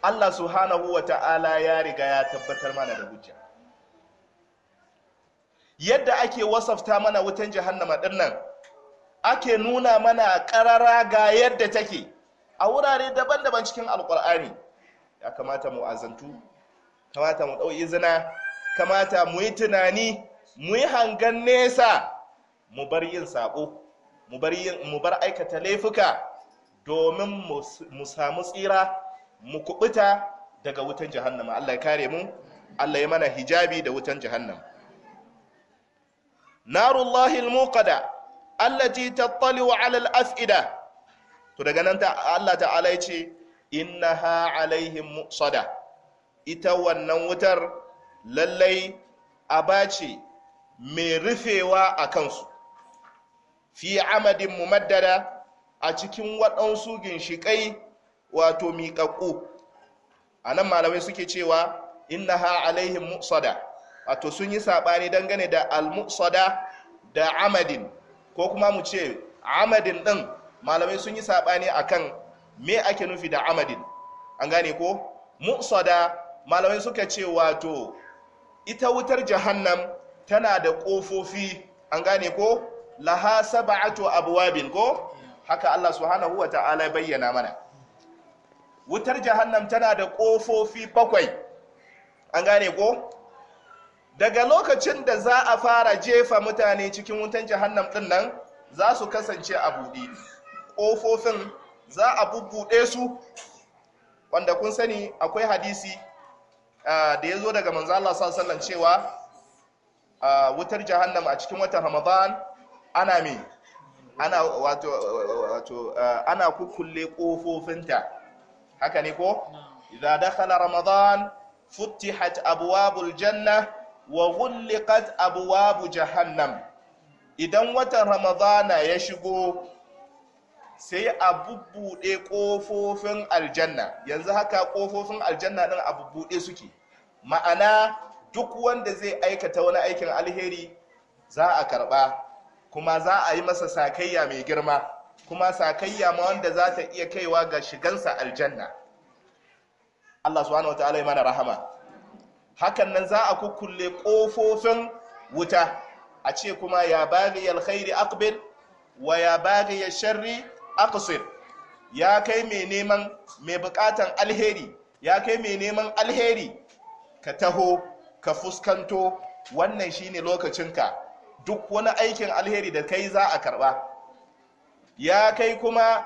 Allah subhanahu wa ta'ala ya riga ya tabbatar mana da hujja yadda ake wasafta mana wutan jahannama din nan ake nuna mana ƙarara ga yadda take a wurare daban-daban cikin alkur'ani ya kamata mu azantu kamata mu ɗau izina kamata mu yi tunani mu yi hangan nesa mu bar yin sabo mu bar aikata laifuka domin mu samu tsira mu kubuta daga wutan jahannama Allah ya kare mu Allah ya mana hijabi da wutan jahannama narullahi almuqada allati tattali'u 'ala afida to daga nan ta Allah ta'ala ya ce innaha alaihim muqsada ita wannan wutar lallai abace mai rufewa a kansu fi amadin mu maddada a cikin waɗansu ginshiƙai wato miƙaƙƙo. a nan malamai suke cewa innaha alaihin mutsada wato sun yi saɓani dangane da almutsada da amadin ko kuma mu ce amadin ɗin malamai sun yi saɓani akan me ake nufi da amadin an gane ko mutsada malamai suka ce wato ita wutar jahannam tana da ƙofofi an gane ko laha sab'atu abwabin ko haka Allah subhanahu wata'ala ya bayyana mana wutar jahannam tana da ƙofofi bakwai an gane ko daga lokacin da za a fara jefa mutane cikin wutan jahannam din nan za su kasance a buɗe ƙofofin za a bubbuɗe su wanda kun sani akwai hadisi ah, da ya zo daga Manzala Allah sallallahu cewa a wutar jahannam a cikin watan ramadan ana me ana wato wato ana kukulle kofofinta haka ne ko idza dakhala ramadan futihat abwabul janna wa ghulqat abwabu jahannam idan watan ramadana ya shigo sai a bubbuɗe ƙofofin aljanna yanzu haka ƙofofin aljanna ɗin a buɗe suke ma'ana duk wanda zai aikata wani aikin alheri za a karba kuma za a yi masa sakayya mai girma kuma sakayya ma wanda za ta iya kaiwa ga shigansa aljanna Allah subhanahu wataala ya mana rahama hakan nan za a kukkulle kofofin wuta a ce kuma ya bagi alkhairi aqbil wa ya bagi sharri aqsir ya kai mai neman mai bukatan alheri ya kai mai neman alheri ka taho ka fuskanto wannan shine lokacinka duk wani aikin alheri da kai za a karba ya kai kuma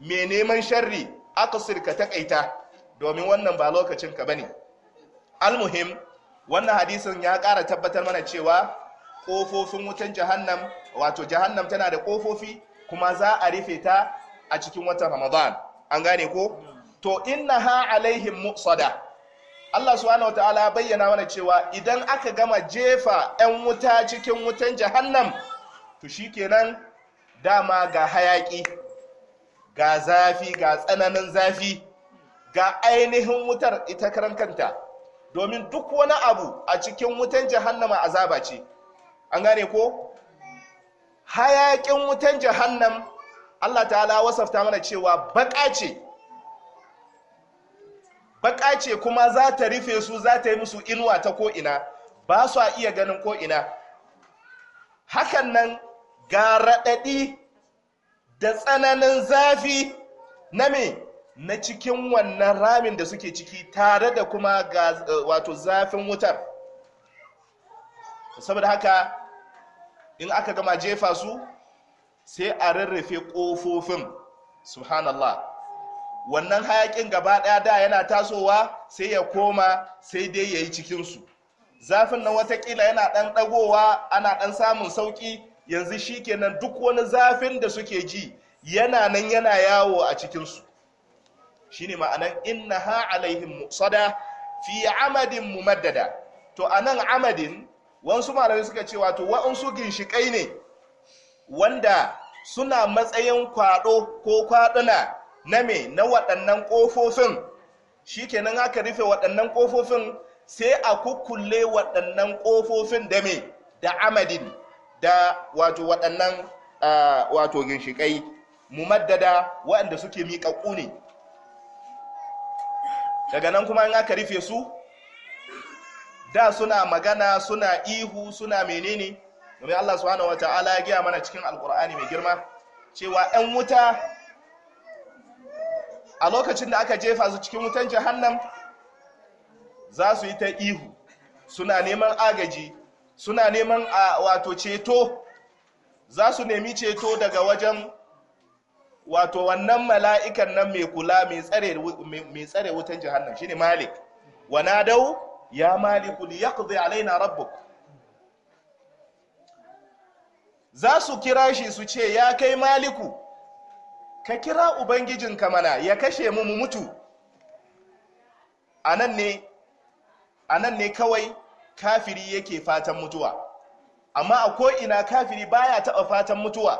me neman sharri aka ka takaita domin wannan ba lokacinka bane almuhim wannan hadisin ya kara tabbatar mana cewa kofofin wutan jahannam wato jahannam tana da kofofi, kuma za a rufe ta a cikin watan ramadan an gane ko to innaha alaihim musada Allah subhanahu wataala ta'ala bayyana mana cewa idan aka gama jefa 'yan wuta cikin wutan jahannam to shikenan dama ga hayaki ga zafi ga tsananin zafi ga ainihin wutar ita karan kanta domin duk wani abu a cikin wutan jahannama azaba ce an gane ko hayaƙin wutan jahannam Allah ta'ala wasafta mana cewa baƙa ce baka ce kuma za ta rufe su za ta yi musu inuwa ta ko'ina ba su a iya ganin ko'ina hakan nan ga raɗaɗi da tsananin zafi na me na cikin wannan ramin da suke ciki tare da kuma ga e, wato zafin wutar saboda haka in aka gama jefa su sai a rarrafe ƙofofin subhanallah wannan hayakin gaba ɗaya da yana tasowa sai ya koma sai dai ya yi cikinsu zafin nan watakila yana ɗan ɗagowa ana ɗan samun sauƙi yanzu shi kenan duk wani zafin da suke ji yana nan yana yawo a cikinsu shi ne ma'anan inna ha alaihim musada fi amadin mumaddada to a nan amadin wasu malamai suka ce wato wa'ansu ginshiƙai ne wanda suna matsayin kwaɗo ko kwaɗuna na me na waɗannan ƙofofin shikenan aka rufe waɗannan ƙofofin sai a kukkulle waɗannan ƙofofin da me da amadin da wato waɗannan wato ginshiƙai mumaddada waɗanda suke miƙaƙƙu ne daga nan kuma in aka rufe su da suna magana suna ihu suna menene domin Allah wata ala ya gaya mana cikin alkur'ani mai girma cewa 'yan wuta a lokacin da aka jefa su cikin wutan jahannam za su yi ta ihu suna neman agaji suna neman a wato ceto za su nemi ceto daga wajen wato wannan mala'ikan nan mai kula mai tsare wutan shi ne malik wana dau ya maliku li alai alaina rabbuk za su kira shi su ce ya kai maliku ka kira ubangijinka mana ya kashe mu mu mutu A nan ne kawai kafiri yake fatan mutuwa amma a ko'ina kafiri baya taɓa fatan mutuwa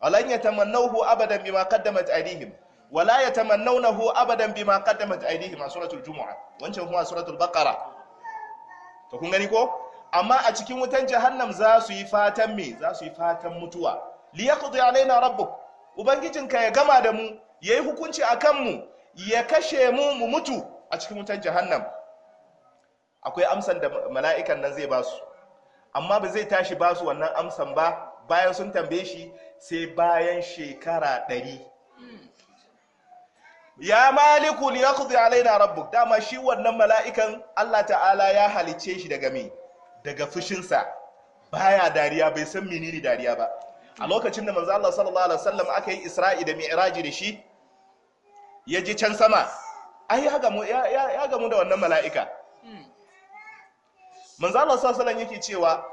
walan hu abadan ma qaddamat aydihim wala ya hu abadan bima qaddamat aydihim a suratul juma’a wancan kuma suratul bakara ta kun gani ko amma a cikin wutan jahannam za su yi fatan me za su yi fatan mutuwa liyaqdi alaina rabbuk ubangijinka ya gama da mu ya yi hukunci a kanmu ya kashe mu mu mutu a cikin wutar jahannam akwai amsan da mala'ikan nan zai basu amma ba zai tashi basu wannan amsan ba bayan sun tambaye shi sai bayan shekara ɗari ya maliku ya kuzi alaina rabbuk dama shi wannan mala'ikan allah ta'ala ya halice shi daga me daga fushinsa baya dariya bai san menene dariya ba a lokacin da manzo Allah sallallahu alaihi wasallam aka yi Isra'i da Mi'raji da shi ya ji can sama ai ya gamu ya gamu da wannan mala'ika hmm. manzo Allah sallallahu alaihi wasallam yake cewa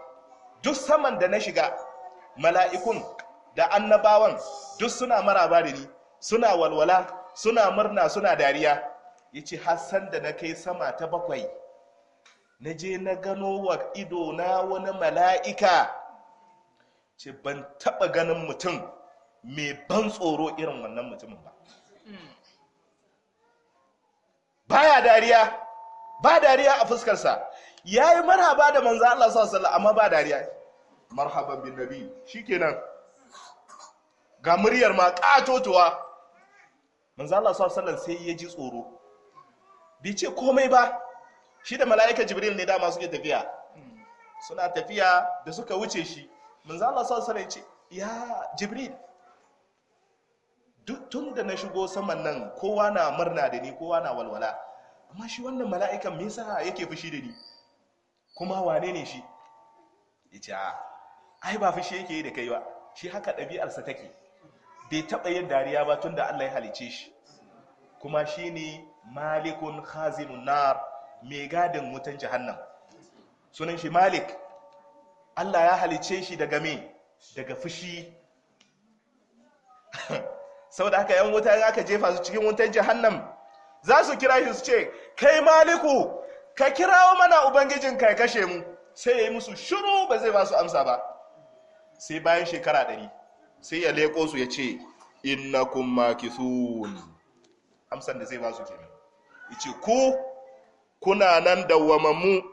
duk saman da na shiga mala'ikun da annabawan duk suna maraba da ni suna walwala suna murna suna dariya yace hassan da na kai sama ta bakwai na je na gano wa ido na wani mala'ika ce ban taba ganin mutum mai ban tsoro irin wannan mutumin ba baya dariya ba dariya a fuskarsa ya yi marhaba da manzan Allah sallallahu amma ba dariya marhaban bin nabi nan. ga muryar ma katotuwa manzan Allah sallallahu sai ya ji tsoro bai ce komai ba shi da mala'ika jibril ne dama suke tafiya suna tafiya da suka wuce shi manzo Allah sallallahu alaihi ce ya jibril tun da na shigo saman nan kowa na murna da ni kowa na walwala amma shi wannan mala'ikan me yasa yake fushi da ni kuma wane ne shi yace a ah, ai ba fushi yake yi da kai ba shi haka ɗabi'arsa take bai taɓa yin dariya ba tun da Allah ya halice shi kuma shi ne malikun khazinun nar mai gadin wutan jahannam sunan shi malik Allah ya halice shi daga me daga fushi [laughs] saboda haka yan wuta aka jefa su cikin wutar jahannam za su kira shi su ce kai maliku ka kirawo mana ubangijin kai kashe mu sai ya yi musu shiru ba zai ba su amsa ba sai bayan shekara ɗari sai ya leko su ya ce innakum makithun amsan da zai ba su kenan ku kuna nan dawwamammu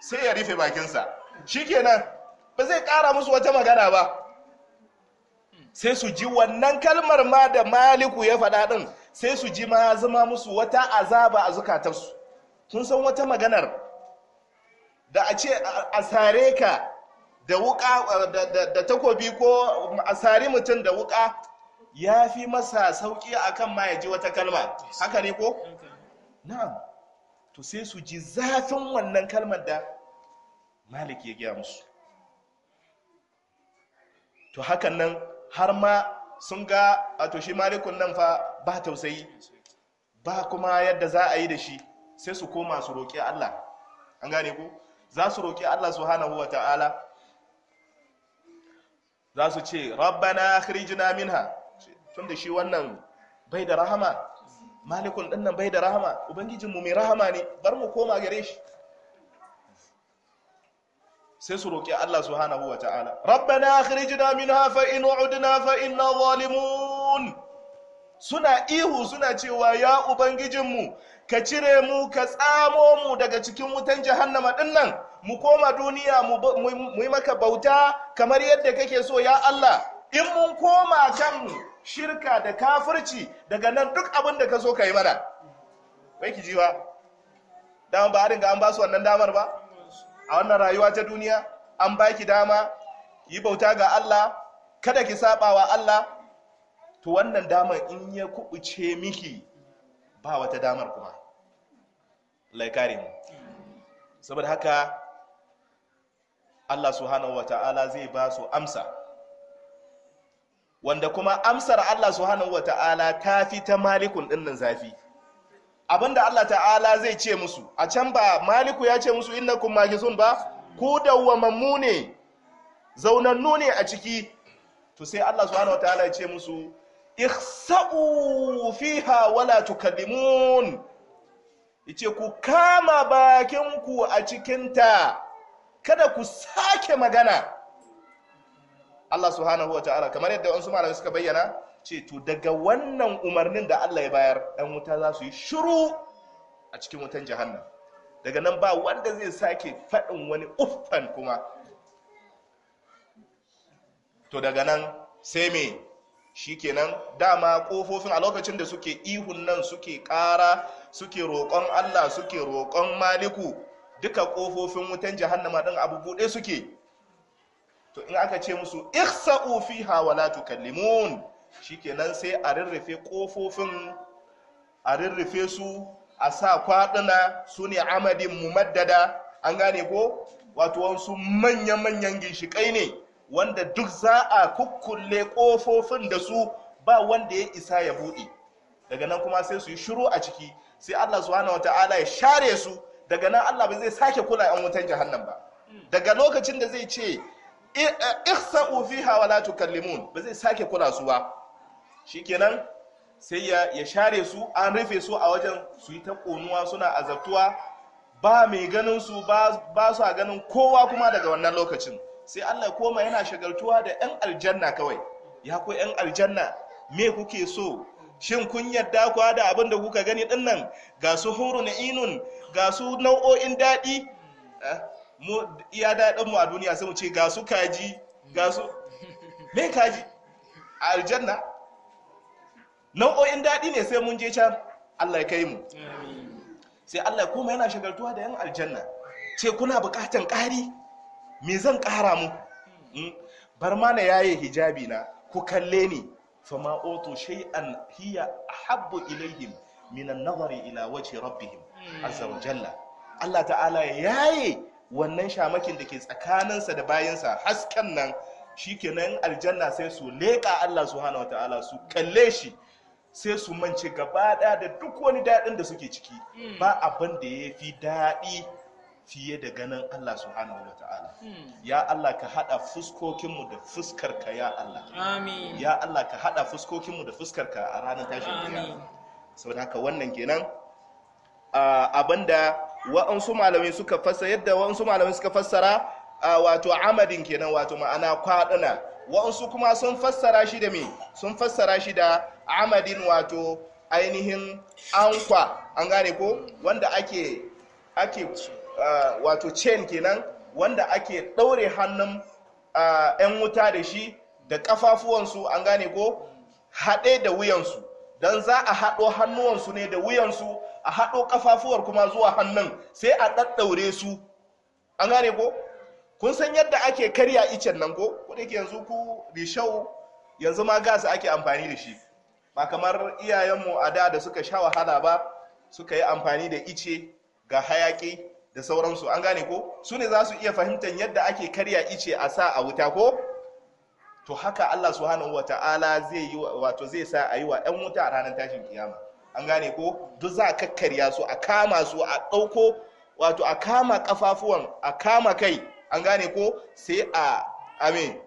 sai ya rufe bakinsa shikenan ba zai kara musu wata magana ba sai su ji wannan kalmar ma da maliku ya faɗa ɗin sai su ji ma zama musu wata azaba a zukatarsu kun san wata maganar da a ce a sare ka da wuka da takobi ko a sari mutum da wuka ya fi masa sauƙi akan ma ya ji wata kalma haka ne ko? na'am to sai su ji zafin wannan kalmar da malik ya gaya musu to hakan nan har ma sun ga a toshi malikun nan fa ba tausayi ba kuma yadda za a yi da shi sai su koma su roƙi allah an gane ku za su roƙi allah hana huwa ta'ala za su ce rabbana khrijna minha da shi wannan bai da rahama malikun ɗannan bai da rahama ubangijinmu mai rahama ne bar mu koma gare shi sai su roƙi Allah hana wa ta'ala rabbana akhrijna minha fa in udna fa inna zalimun suna ihu suna cewa ya ubangijinmu ka cire mu ka tsamo mu daga cikin wutan jahannama dinnan mu koma duniya mu yi maka bauta kamar yadda kake so ya Allah in mun koma kan shirka da kafirci daga nan duk abin da ka so ka yi mana wai ki jiwa dama ba harin ga an ba su wannan damar ba a wannan rayuwa ta duniya an baki dama yi bauta ga Allah kada ki saba wa Allah to wannan damar in ya kubuce miki ba wata damar kuma laikari mu saboda haka Allah subhanahu wata'ala zai ba su amsa wanda kuma amsar Allah subhanahu wata'ala ta fi ta malikun dinnan zafi abinda Allah ta'ala zai ce musu a can ba maliku ya ce musu innakum sun ba ku wamammu ne zaunannu ne a ciki to sai Allah subhanahu ta'ala ya ce musu ihsa'u fiha wala tukallimun yace ku kama bakin ku a cikinta kada ku sake magana Allah subhanahu ta'ala kamar yadda wasu malamai suka bayyana ce to daga wannan umarnin da Allah ya bayar ɗan wuta za su yi shiru a cikin wutan jahannan daga nan ba wanda zai sake faɗin wani uffan kuma to daga nan sai me nan. dama ƙofofin a lokacin da suke ihun nan suke ƙara suke roƙon Allah suke roƙon maliku duka ƙofofin wutan jahannama ɗin abu buɗe suke to in aka ce musu ihsa'u fiha wala tukallimun shikenan sai a rarrafe kofofin a rarrafe su a sa kwaduna su ne amadin mumaddada an gane ko wato wasu manya-manyan ginshikai ne wanda duk za a kukkulle kofofin da su ba wanda ya isa ya buɗe daga nan kuma sai su yi shiru a ciki sai Allah subhanahu wata'ala ya share su daga nan Allah ba zai sake kula 'yan wutan jahannan ba daga lokacin da zai ce ihsa'u eh, fiha wa tukallimun ba zai sake kula su ba shikenan sai ya share su an rufe su a wajen su yi ta konuwa suna azabtuwa ba mai ganin su ba su a ganin kowa kuma daga wannan lokacin sai Allah koma yana shagaltuwa da 'yan aljanna kawai ya ku 'yan aljanna me kuke so shin kun yadda kuwa da abin da kuka gani din nan ga su huru na inun ga su nau'o'in daɗi ya eh, iya daɗinmu a duniya sai mu ce ga su kaji ga su me kaji a aljanna nau'o'in daɗi ne sai mun je can Allah ya kai mu sai Allah kuma yana shagaltuwa da yan aljanna ce kuna buƙatan ƙari me zan ƙara mu hmm. bar mana yaye hijabi na ku kalle ni fama oto an hiya habbu ilaihim min an-nazari ila wajhi rabbihim hmm. azza wa jalla Allah ta'ala yaye wannan shamakin da ke tsakaninsa da bayansa hasken nan shikenan aljanna sai su leƙa Allah subhanahu wa ta'ala su kalle shi sai su mance gaba ɗaya da duk wani daɗin da suke ciki hmm. ba abin da ya fi daɗi fiye da ganin Allah subhanahu wa ta'ala hmm. ya Allah ka hada fuskokinmu da fuskarka ya Allah amin ya Allah ka hada fuskokinmu da fuskarka a ranar tashin kiyama saboda haka wannan kenan da wa'ansu malamai suka fassara yadda wa'ansu malamai suka fassara wato amadin kenan wato ma'ana kwaduna wa'ansu kuma sun fassara shi da me sun fassara shi da amadin wato ainihin ankwa an gane ko wanda ake ake uh, wato chain kenan wanda ake ɗaure hannun uh, yan wuta da shi da kafafuwansu an gane ko haɗe da wuyansu don za a haɗo hannuwansu ne da wuyansu a haɗo kafafuwar kuma zuwa hannun sai a ɗaɗɗaure su an gane ko kun san yadda ake karya icen nan ko kuɗi yanzu ku rishau yanzu ma gas ake amfani da shi ba kamar iyayenmu a da da suka sha wahala ba suka yi amfani da ice ga hayaki da sauransu an gane ko su ne za su iya fahimtar yadda ake karya ice a sa a wuta ko to haka Allah subhanahu wata'ala zai yi wato zai sa a yi wa ɗan wuta a ranar tashin kiyama an gane ko duk za a kakkarya su a kama su a ɗauko wato a kama kafafuwan a kama kai an gane ko sai a amin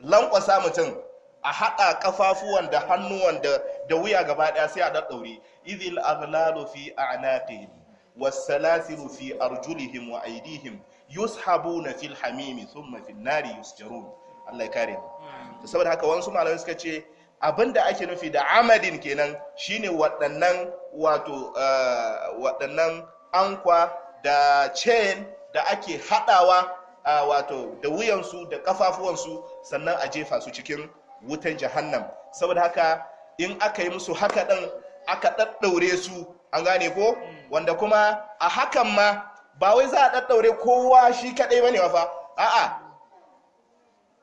lankwasa mutum a haɗa ƙafafuwan da hannuwan da wuya gaba ɗaya sai a daddaure idil aghlalu fi a'naqihim والسلاسل في أرجلهم وأيديهم يسحبون في الحميم ثم في النار يسجرون Allah ya kare saboda haka wasu malamai suka ce abinda ake nufi da amadin kenan shine waɗannan wato eh, waɗannan ankwa da chain da ake haɗawa eh, wato da wuyansu da ƙafafuwansu sannan a jefa su cikin wutan jahannam saboda haka in aka yi musu haka ɗin aka ɗaɗɗaure su an gane ko mm. wanda kuma a hakan ma ba wai za a ɗaɗɗaure kowa shi kaɗai ba ne fa a'a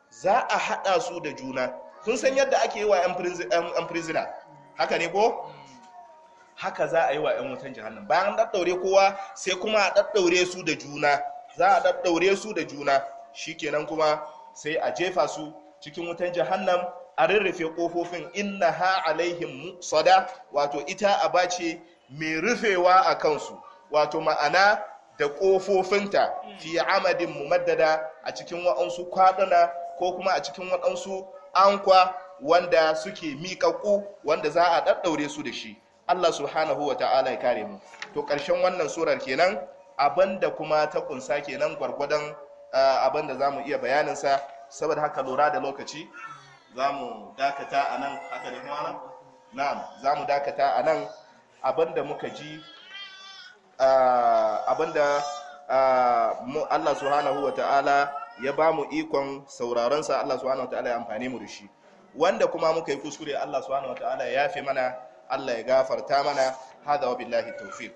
za a haɗa su da juna kun san yadda ake yi wa 'yan prisoner haka ne ko mm. haka za a yi wa 'yan wutan jihannan bayan ɗaɗɗaure kowa sai kuma a ɗaɗɗaure su da juna za a ɗaɗɗaure su da juna shikenan kuma sai a jefa su cikin wutan jahannam a rarrafe kofofin inna ha alaihim musada wato ita a bace mai rufewa a kansu wato ma'ana da kofofinta fi amadin mumaddada a cikin waɗansu kwaɗana ko kuma a cikin waɗansu ankwa wanda suke miƙaƙu wanda za a ɗaɗɗaure su da shi Allah subhanahu wa ta'ala ya kare mu to ƙarshen wannan surar kenan abin da kuma ta ƙunsa kenan gwargwadon eh, da za mu iya bayaninsa saboda haka lura da lokaci za mu dakata a nan haka da kuma na'am za mu dakata a nan abinda muka ji abinda Allah subhanahu wa ta'ala ya ba mu ikon sauraronsa Allah subhanahu wa ta'ala ya amfani mu da shi wanda kuma muka yi kuskure Allah subhanahu wa ta'ala ya yafe mana Allah ya gafarta mana hada wa billahi tawfiq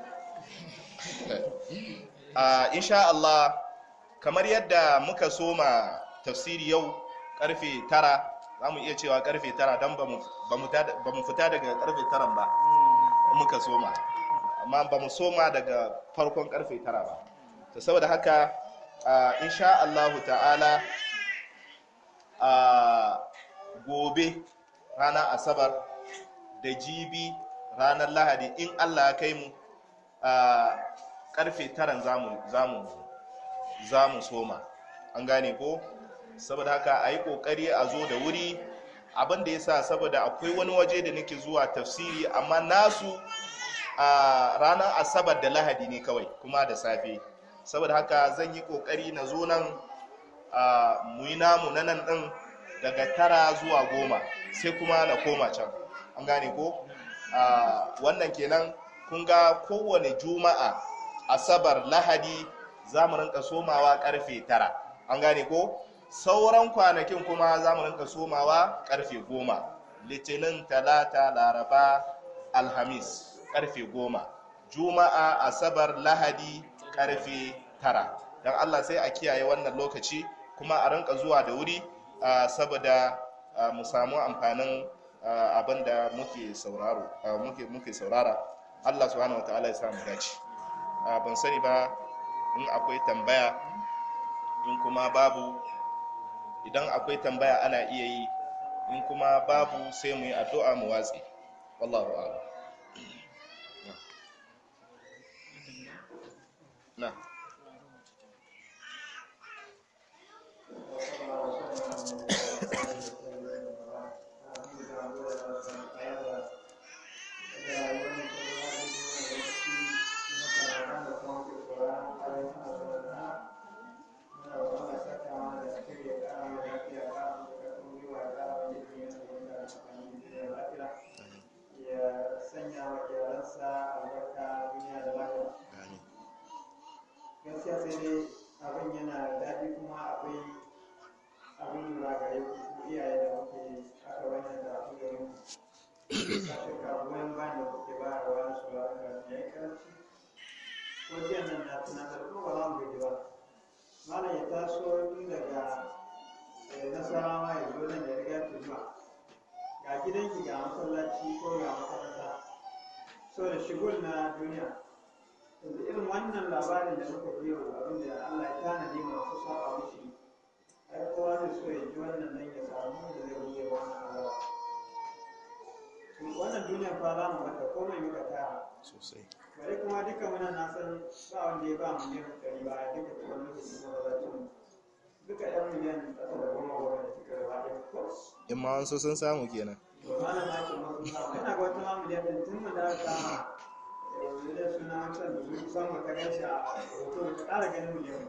Uh, insha Allah kamar yadda muka soma tafsiri yau karfe tara za mu iya cewa karfe tara don ba mu fita daga karfe tara ba mm. muka soma amma ba mu soma daga farkon karfe tara ba ta saboda haka uh, insha Allah ta'ala a gobe rana asabar da jibi ranar lahadi in Allah ya kai mu karfe taran za mu soma an gane ko saboda haka a yi kokari a zo da wuri abin da ya sa saboda akwai wani waje da nake zuwa tafsiri amma nasu a ranar asabar da lahadi ne kawai kuma da safe saboda haka zan yi kokari na zo nan mu yi namu na nan din daga tara zuwa goma sai kuma na koma can an gane ko wannan kenan kun ga kowane juma'a asabar lahadi za mu rinka somawa karfe tara an gane ko sauran kwanakin kuma za mu rinka somawa karfe goma litinin talata laraba alhamis karfe goma juma'a asabar lahadi karfe tara don allah sai a kiyaye wannan lokaci kuma a rinka zuwa da wuri saboda mu samu amfanin abin da muke saurara allah subhanahu wa ta'ala ya samu dace ban sani ba in akwai tambaya in kuma babu idan akwai tambaya ana iya yi in kuma babu sai mu yi addu'a mu watsi wallahu a'lam na talauci wajen nan na na karɓo ba za mu ba malam ya taso tun daga eh, nasarawa ya zo nan ya riga tuzuwa ga gidanki ga masallaci ko ga makaranta so da shigul na duniya yanzu irin wannan labarin da muka biyo abin da Allah ya tanadi masu saba mishi ai kowa zai so ya ji wannan nan ya samu da zai buge wannan Allah wannan duniya fa za mu mata komai muka tara sosai bari kuma duka muna na san ba wanda ya ba mu miliyan ɗari ba duka ta wani lokaci na ba duka ɗan miliyan ƙasa da goma goma da suka gaba ɗaya ko in ma wasu sun samu kenan malam na ce masu samu kana ga wata ma miliyan ɗin tun mun da kama eh, miliyan suna wancan da su san maka gan shi a hoto da ƙara ganin miliyan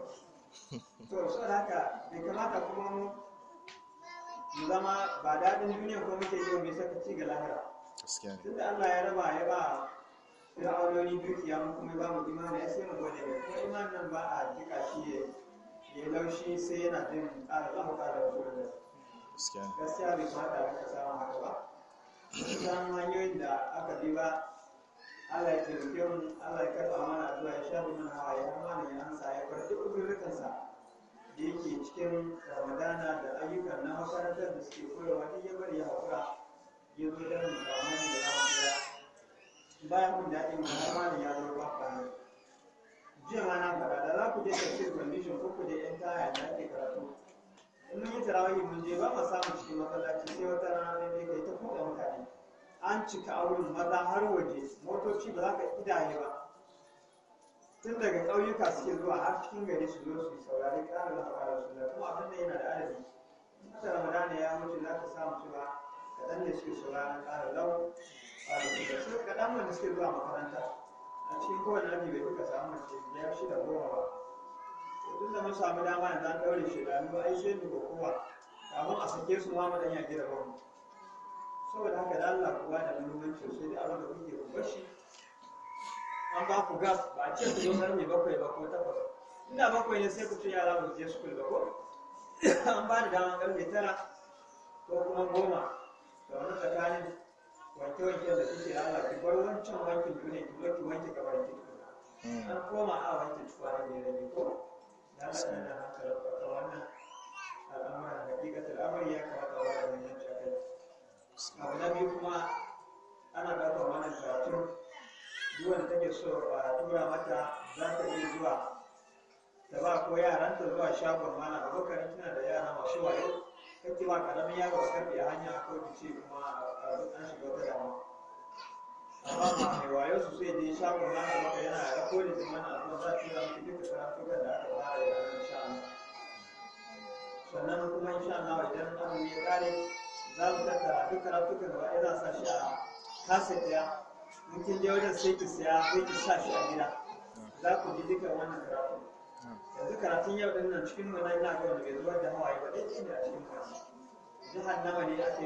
to saboda haka bai kamata kuma mu zama ba daɗin duniya ko muke yi mai sakaci ga lahira tunda Allah ya raba ya ba fir'aunonin dukiya kuma ba mu imani ai sai mu gode imanin nan ba a jika shi ya laushi sai yana jin ƙara za mu ƙara wasu da gaskiya bai kamata a rika samun haka ba san hanyoyin da aka bi ba Allah ya taimake mu Allah ya karɓa mana zuwa ya shafi mana hawaye har mana ya hansa ya bar duk da yake cikin Ramadana da ayyukan na makarantar da suke koyarwa duk ya bari ya haƙura ya zo da mu da za baya mun daɗi mu har malam ya zama babba jiya ma na faɗa da za ku je tafsir condition ko ku je yan kaya da ake karatu in mun yi tarawih mun je ba mu samu cikin masallaci sai wata rana ne kai ta koɗa mutane an cika auren maza har waje motoci ba za ka idaye ba tun daga ƙauyuka suke zuwa har cikin gari su zo su saurari ƙarar labarar su da kuma abin da yana da adadi ta ramadana ya mutu za ka samu su kaɗan da suke sauraron ƙara lau da sai kaɗan wanda suke zuwa makaranta a cikin kowane aji bai kuka samun mace biyar shida goma ba to tun da mun samu dama yanzu an ɗaure shekaru ai sai mu kowa kafin a sake su ma mu ɗan yaƙi da bamu saboda haka da Allah kuwa da muhimmanci sai da abin da kuke ku bashi an ba ku gas ba a ce ku zo karfe bakwai ba ko takwas Ina bakwai ne sai ku ce yara ba su je sukul ba ko [coughs] an ba da dama karfe tara ko kuma goma da wani tsakanin wanke wanke da suke Allah ki bar wancan wankin duniya ki zo ki wanke kamar ki hmm. an koma a wankin tukwanan ne rage ko da Allah da hankali ta wannan al'amuran hakikatar amari ya kamata wa da wannan jakai abu na biyu kuma ana ɗaukar wannan karatun duk wanda take so a tura mata za ta iya zuwa da ba ko yaranta zuwa shagon mana abokan tana da yara masu wayo kake ba karamin yaro a karbe a hanya ko ki ce kuma karbi an shiga wata dama amma ba mai wayo su sai dai shafin mana maka yana da kolin da mana kuma za ki zama ki duka karatukan da aka fara yi a insha Allah sannan kuma insha Allah idan abin ya kare za mu tattara duk karatukan da ba za sa shi a kasa ɗaya in je wajen sai ki siya sai ki sa shi a gida za ku ji duka wannan karatu yanzu karatun yau din nan cikin mu nan ina ga wanda bai zubar da hawaye ba dai ina cikin jihar jahannama ne ake